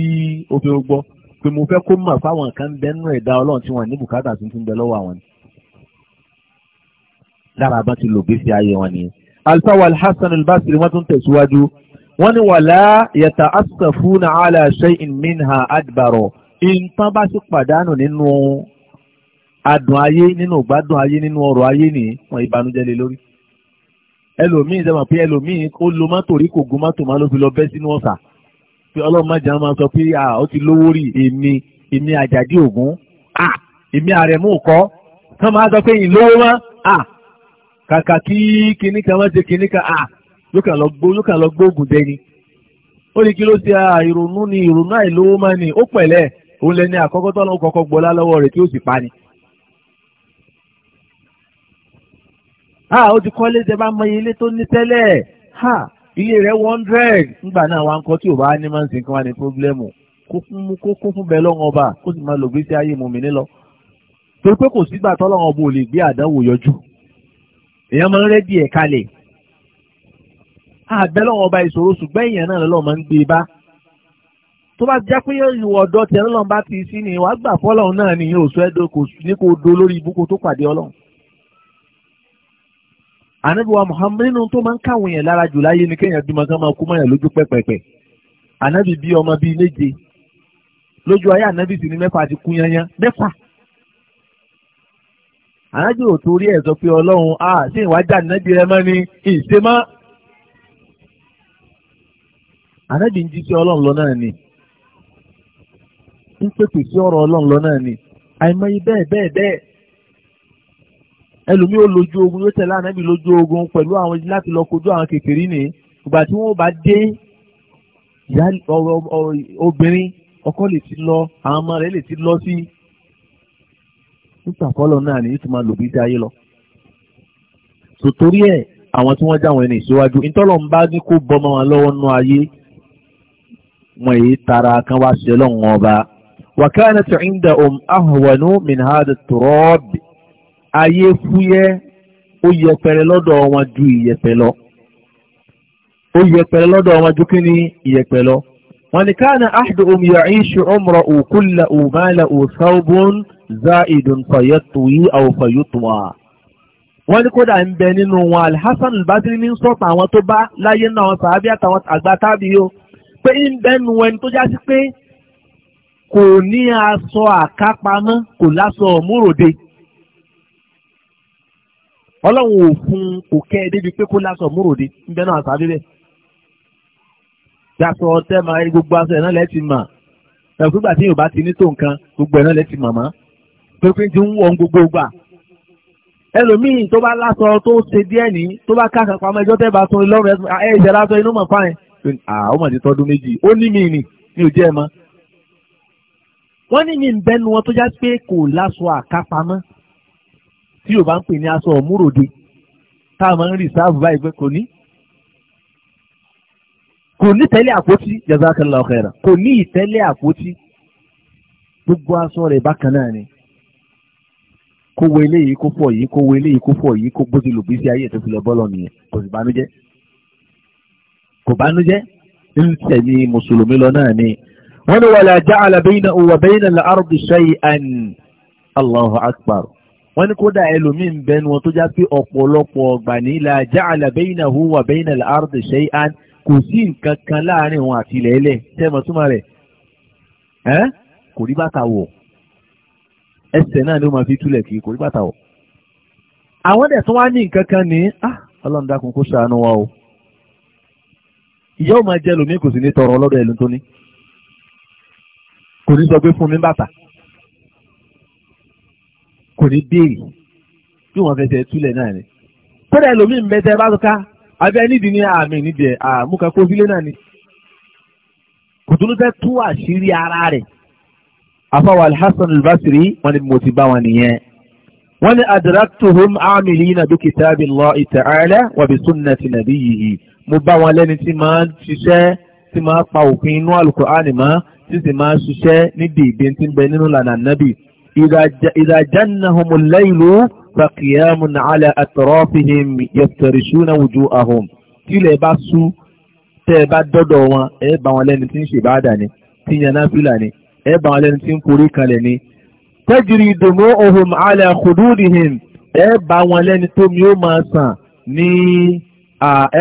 ó fi gbọ́ pé mo fẹ́ kó mọ̀ fáwọn kan ń bẹ nínú ẹ̀dá ọlọ́run tí wọn ní bùkátà tí ti ń bẹ lọ́wọ́ àwọn ni lára bá ti lò gbèsè ayé wọn nìyẹn. alfawa alhassan albasiri wọ́n tún tẹ̀síwájú wọ́n ní wàlá yàtà asàfúnà ala shay'in minha adbaro ìǹtàn bá sì pàdánù nínú adùn ayé nínú ìgbádùn ayé nínú ọrọ̀ ayé nìyí wọn ìbànújẹ́ lé lórí ẹlòmíì sẹ́wọ̀n pé ẹlòmíì ó lo mọ́tò rí kò gun mọ́tò máa ló fi lọ bẹ́ sínú ọ̀sà pé ọlọ́run máa sọ pé à ó ti lówó rí èmi èmi àjàdí ògún à èmi àrẹ̀mú kọ́ máa sọ pé ìlówó mọ́ à kàkà kí kinní kan wọ́n ṣe kinní kan à ah, yóò kà lọ gbóògùn dẹni ó ní kí ló ṣe ah, ìrònú ni ìrònú àìlówó máa ní ó pẹ̀lẹ́ òun lẹni àkọ́kọ́ tó lọ́wọ́ kọ́kọ́ lọ́wọ́ rẹ̀ tí ó sì pa ni. a ah, ó ti kọ́lé tẹ bá tó ní tẹ́lẹ̀ ha iye rẹ̀ one hundred nígbà náà wà ń kọ́ tí ò bá ní máa ń sìn kí wọ́n ní pírọ́blẹ́mù kó kún fún bẹ́ẹ̀ lọ́wọ́ ọba kó sì máa sí ayé mọ̀mí nílọ torí pé èèyàn máa ń rẹ́ díẹ̀ kalẹ̀ àbẹ́lọ́wọ́ ọba ìṣòro ṣùgbọ́n èèyàn náà lọ́lọ́ máa ń gbé bá tó bá jẹ́ pé ìwọ ọ̀dọ́ tẹ lọ́lọ́run bá ti sí ni wàá gbà fọ́lọ́run náà ni yóò sọ ẹ́dọ́ kò ní kó do lórí ibú kó tó pàdé ọlọ́run. ànábìwá Muhammad nínú tó máa ń káwọn èèyàn lára jù láyé ni kéèyàn bímọ kán máa kú mọ́yàn lójú pẹ́pẹ́pẹ́ ànábì bí ọmọ bíi méje lójú ayé ànábì sì ni mẹ́fà ti kú mẹ́fà àájò ò torí ẹ̀ sọ pé ọlọ́run a ṣé ìwájà nàbí rẹ mọ́ ni ìṣe mọ́. ànábì ń jíṣẹ́ ọlọ́run lọ náà ni ń pèpè sí ọ̀rọ̀ ọlọ́run lọ náà ni àìmọye bẹ́ẹ̀ bẹ́ẹ̀ bẹ́ẹ̀ ẹlòmíì ò lójú ogun yóò tẹ̀lé ànábì lójú ogun pẹ̀lú àwọn láti lọ kojú àwọn kékeré ni ìgbà tí wọ́n bá dé obìnrin ọkọ lè ti lọ àwọn ọmọ rẹ̀ lè ti lọ sí sísà fọ́lọ̀ náà ní ìtumọ̀ lòbí sí ayé lọ. sòtórí ẹ̀ àwọn tí wọ́n jáwọn ẹni ìṣíwájú ìtọ́lọ̀ ń bá ní kó bọ́mọ wọn lọ́wọ́ nú ayé wọn èyí tara kan wá ṣe lọ́wọ́n ọba. wàkàna tó ń da òm ahùwànú minhad tùrọ́ọ̀bì ayé fúyẹ́ ó yẹpẹrẹ lọ́dọ̀ wọn ju ìyẹpẹ lọ ó yẹpẹrẹ lọ́dọ̀ wọn ju kíní ìyẹpẹ lọ wọ́n ní káàna ahduhum ya'ishu umrahu kullahu ma lahu thawbun za'idun fayatwi aw fayutwa. wọ́n ní kódà ń bẹ nínú wọn alhassan albadri ní sọ́tà àwọn tó bá láyé náà wọn sàábí àtàwọn àgbà tábí yó pé ń bẹ nu ẹni tó jásí pé kò ní aṣọ àkápamọ́ kò láṣọ òmúròde ọlọ́run ò fún kò kẹ́ ẹ débi pé kó láṣọ òmúròde ń bẹ náà sàábí yàtọ̀ ọtẹ́ máa rí gbogbo aṣọ ẹ̀ náà lẹ́ẹ̀tì mà ẹ̀ fúgbà tí yorùbá ti ní tó nǹkan gbogbo ẹ̀ náà lẹ́ẹ̀tì mà mọ́ pínpín ti ń wọ̀ gbogbo gbà ẹlòmíì tó bá lásọ tó ṣe díẹ̀ ní tó bá ká kan pamọ́ ẹjọ́ tẹ́ bá sọ lọ́rùn ẹ̀ ah, ẹ̀ ìṣẹ̀lá sọ inú mọ̀ fáìn àwọn ọmọdé ah, tọdún méjì ó ní mi nì mi ò jẹ́ ẹ mọ́ wọ́n ní mi ń bẹ́nu wọn tó já pé kò lásọ àkápamọ́ tí yorùbá ń pè ní aṣọ ọ̀múròde táwọn máa ń rìsáàbù báyìí pé kò ní kò ní tẹ́lẹ̀ àpótí jazakallahu khaira kò ní ìtẹ́lẹ̀ àpótí gbogbo aṣọ rẹ̀ bákan náà ni kó wo eléyìí kó fọ yìí kó wo eléyìí kó fọ yìí kó bó ti lò bí sí ayé tó fi lọ bọ́lọ̀ nìyẹn kò sì bánújẹ́ kò bánújẹ́ ń tẹ̀lé mùsùlùmí lọ náà ni wọ́n ní wala ja'ala baynahu wa bayna al-ardi shay'an allahu akbar wọ́n ní kódà ẹlòmíì ń bẹnu wọn tó já pé ọ̀pọ̀lọpọ̀ ọgbà ní la ja'ala baynahu wa bayna al-ardi shay'an kò sí nǹkan kan láàrin òun àti ilẹ̀ ẹlẹ̀ tẹ́mọ̀ túmọ̀ rẹ̀ ẹ́ kò rí bàtà wọ̀ ẹsẹ̀ náà ni ó máa fi túlẹ̀ kì í kò rí bàtà wọ̀. àwọn dẹ̀ tó wá ní nǹkan kan ní ah, ọlọ́run dákun kó ṣàánú wa o ìyá ò máa jẹ́ lómi kò sì ní tọrọ ọlọ́dọ̀ ẹ̀lú tó ní kò ní sọ pé fún mi bàtà kò ní béèrè bí wọ́n fẹsẹ̀ túlẹ̀ náà ni kódà ẹlòmíì ń bẹ tẹ́ bá tó ká abẹ́ nídìí ní àmì nídìí ẹ̀ àmúkà kó sílé náà ni kò tún fẹ́ tú àṣírí ara rẹ̀ afáwọ̀ alhassan albasiri wọ́n ní mo ti bá wọn nìyẹn wọ́n ní adraktuhum amilina bi kitabillahi ta'ala wa bi sunnati nabiyyihi mo bá wọn lẹ́ni tí máa ń ṣiṣẹ́ tí máa pa òfin inú alukur'ani mọ́ tí sì máa ṣiṣẹ́ ní dèédé tí ń bẹ nínú lànà nábì ìdàjánahumul laylu. فقيام على أطرافهم يفترشون وجوههم tílẹ̀ bá sú tẹ́ ẹ bá dọ́dọ̀ wọn ẹ bá wọn lẹ́ni tí ń ṣèbáàdà ni tí ń yaná fìlà ni ẹ bá wọn lẹ́ni tí ń forí kalẹ̀ ni. tajri dumu'uhum ala khududihim ẹ bá wọn lẹ́ni tómi ó máa sàn ní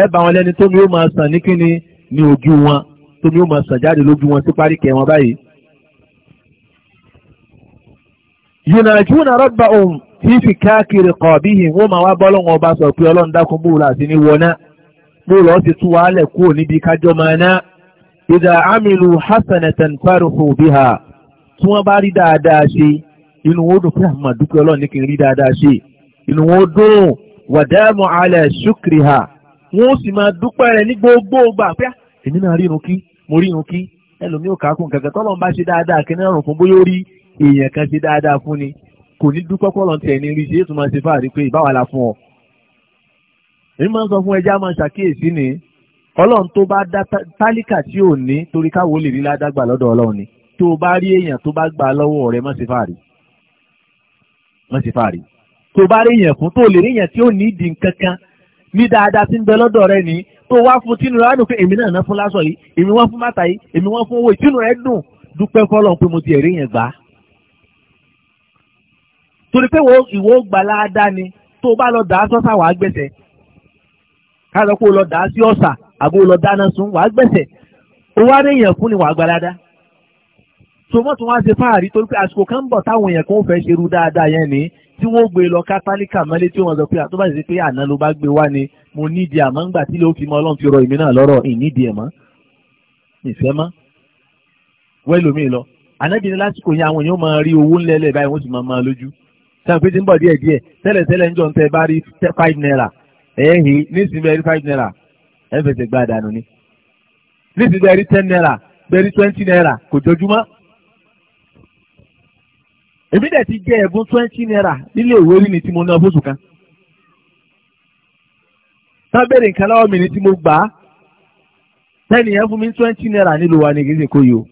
ẹ bá wọn lẹ́ni tómi ó máa sàn ní kíni ní ojú wọn tómi ó máa sàn jáde lójú wọn sí páríkẹ́ wọn báyìí. yunajuna rabbahum fífi káàkiri kọ̀ọ̀bí yìí wọ́n máa wá bọ́lọ́wọ́n ọba sọ pé ọlọ́run dákun bóòlù àti ní wọná bóòlù ọ́ ti tú wàhálẹ̀ kúrò níbi kájọ́ máa ná ìdá amílù hasanatan fárùkù biha tí wọ́n bá rí dáadáa ṣe inú wọn ó dùn pé àmọ́ ah, dúpẹ́ ọlọ́run ní kí n rí dáadáa ṣe inú wọn ó dùn wàdáàmù alẹ́ ṣúkìrìhà wọ́n ó sì máa dúpẹ́ rẹ̀ ní gbogbo ọgbà pé ah, èmi náà rí irun kí mo rí irun kí ẹlòmíì ò kákùn kankan tọ́lọ́run kò ní dúpẹ́ kọ́lọ̀ tiẹ̀ ní rí ṣe é tún máa ṣe fáàrí pé ìbáwa la fún ọ. èmi máa ń sọ fún ẹja máa ṣàkíyèsí ni ọlọ́run tó bá dá tálíkà tí ò ní torí káwo lè rí ládàgbà lọ́dọ̀ ọlọ́run ni tó o bá rí èèyàn tó bá gbà lọ́wọ́ rẹ má ṣe fáàrí má ṣe fáàrí tó o bá rí èèyàn fún tó o lè rí èèyàn tí ò ní ìdí kankan ní dáadáa tí ń bẹ lọ́dọ̀ rẹ ni tó wá fún tínú rẹ dùn pé èmi náà ná fún lásọ yìí èmi wọ́n fún bàtà yìí èmi wọ́n fún owó ìtínú rẹ dùn dúpẹ́ fọlọ́n pé mo ti ẹ̀rí yẹn gbà torí pé ìwọ gbà láadáa ni tó o bá lọ dà á sọ́sà wàá gbẹ̀sẹ̀ ká lọ kó o lọ dà á sí ọ̀sà àbó o lọ dáná sun wàá gbẹ̀sẹ̀ o wá rí èèyàn fún ni wàá gbà láadáa so mọ́tò wá ṣe fáàrí torí pé àsìkò kan ń bọ̀ táwọn èèyàn kan fẹ́ ṣerú dáadáa yẹn ni tí wọ́n gbé lọ kátálíkà mọ́lé tí wọ́n sọ pé àtúbà ṣe pé àná ló bá gbé wá ni mo nídìí àmọ́ ńgbà tí ló fi mọ́ ọlọ́run fi rọ èmi náà lọ́rọ̀ ìnídìí ẹ̀ mọ́ ìfẹ́ mọ́ wẹ́lómi lọ ànábìíní lásìkò yẹn àwọn èèyàn máa rí owó ńlẹ́lẹ̀ báyìí wọ́n sì máa máa lójú sáà pé tí ń bọ̀ díẹ̀ díẹ̀ tẹ́lẹ̀ tẹ́lẹ̀ ń jọ five naira ẹ̀ hì nísìnyí rí five naira ẹ̀ fẹsẹ̀ gbá dànù ni rí ten naira bẹ́ẹ̀ rí twenty naira kò jọjúmọ́. èmi dẹ̀ ti jẹ́ ẹ̀bùn twenty naira nílé ìwé rí ni tí mo ná fóṣù kan. nǹkan lọ́wọ́ mi ni twenty naira wa ni kì í ṣe kó yìí o.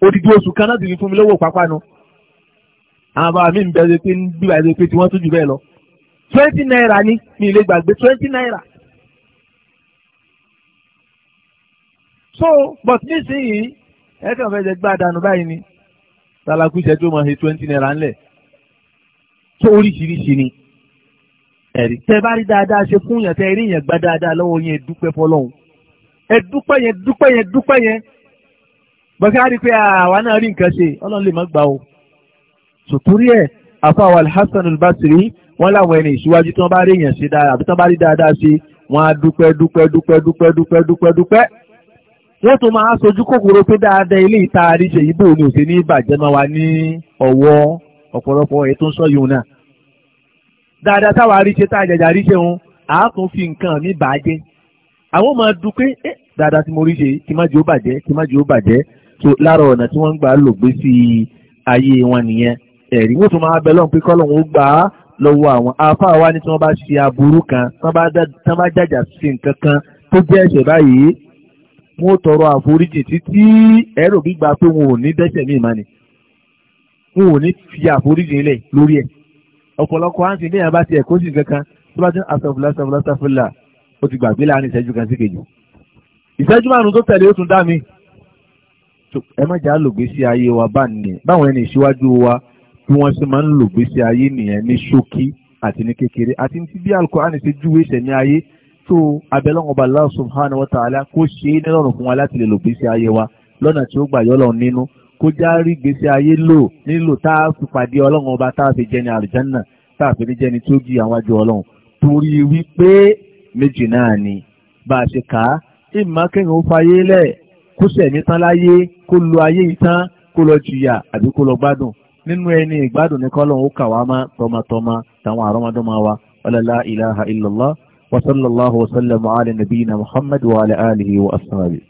odidi oṣù kan náà sì fún àwọn bàbá mi ń bẹ̀rẹ̀ pé ń bíbá ẹ̀rọ pé tí wọ́n tún jù bẹ́ẹ̀ lọ twenty naira ní mi lè gbàgbé twenty naira. so but nísìnyí ẹ kàn fẹ́ jẹ gbá dànù báyìí ni tàlàkù ìṣẹ́jú máa ṣe twenty naira ńlẹ̀ tó oríṣiríṣi ni ẹ̀rí tẹ́ bá rí dáadáa ṣe fún yàn tẹ́ rí yàn gba dáadáa lọ́wọ́ yẹn dúpẹ́ fọlọ́hún ẹ dúpẹ́ yẹn dúpẹ́ yẹn dúpẹ́ yẹn bọ́sẹ̀ á rí pé àwa náà rí nǹkan ṣe ọlọ́run lè má gbà o sòtórí ẹ̀ afáwọ̀ alhassan albasiri wọ́n láwọn ẹni ìṣíwájú tí wọ́n bá rí èèyàn ṣe dára àbí tí wọ́n bá rí dáadáa ṣe wọ́n á dúpẹ́ dúpẹ́ dúpẹ́ dúpẹ́ dúpẹ́ dúpẹ́ dúpẹ́ wọ́n tún máa sojú kòkòrò pé dáadáa ilé ìta àríṣe yìí bò ní òsè ní ìbàjẹ́ máa wà ní ọ̀wọ́ ọ̀pọ̀lọpọ̀ èyí tó ń sọ yòó náà dáadáa táwa àríṣe tá àjàjà àríṣe òun àá tún fi nǹkan mi bàjẹ́ àwọn máa dúpẹ́ ẹ́ dáadáa tí mo rí ṣe ẹ̀rí wọ́n tún máa bẹ lọ́n pé kọ́lọ́hún ó gbà á lọ́wọ́ àwọn àáfàá wa ní tí wọ́n bá ṣe aburú kan tí wọ́n bá jàjà sí nǹkan kan tó jẹ́ ẹ̀ṣẹ̀ báyìí wọ́n tọrọ àforíjì títí ẹ̀rọ gbígbà pé wọn ò ní dẹ́ṣẹ̀ míì má ni wọn ò ní fi àforíjì lẹ̀ lórí ẹ̀ ọ̀pọ̀lọpọ̀ àǹtí ní ìyàbá tiẹ̀ kó sì kankan tó bá ti ń asàfùlà asàfùlà asàfùlà ó ti gbàgbé láàrin ìṣẹ́jú kan sí kejì ìṣẹ́jú márùn tó tẹ̀lé ó tún dá mi ẹ má jà á lògbé sí ayé wa bá báwọn ẹni ìṣíwájú wa bí wọ́n ṣe máa ń lò gbèsè ayé nìyẹn ní ṣókí àti ní kékeré àti ní ti bí alukur'ani ṣe júwe ìṣẹ̀mí ayé tó abẹ́lẹ́wọ̀nba Allah subhanahu wa ta'ala kó ṣe é nírọ̀rùn fún wa láti lè lò gbèsè ayé wa lọ́nà tí ó gbà yọ́lọ̀ nínú kó já rí gbèsè ayé lò nílò tá a fi pàdé ọlọ́run ọba tá a fi jẹni àlùjánà tá a fi ní jẹni tí ó jìyà wájú ọlọ́run torí wípé méjì náà ni bá a ṣe kà á ìmọ̀ kẹ́hìn ó fayé lẹ̀ kó sẹ̀mí tán láyé kó lo ayé yìí tán kó lọ jìyà àbí kó lọ gbádùn nínú ẹni ìgbádùn ní kọ́lọ̀ ó kà wá má tọmatọma tàwọn àrọ́mọdọ́mọ wa ọlọ́lá ilaha illallah wa sallallahu wa sallam ala nabiyina muhammad wa ala wa ashabihi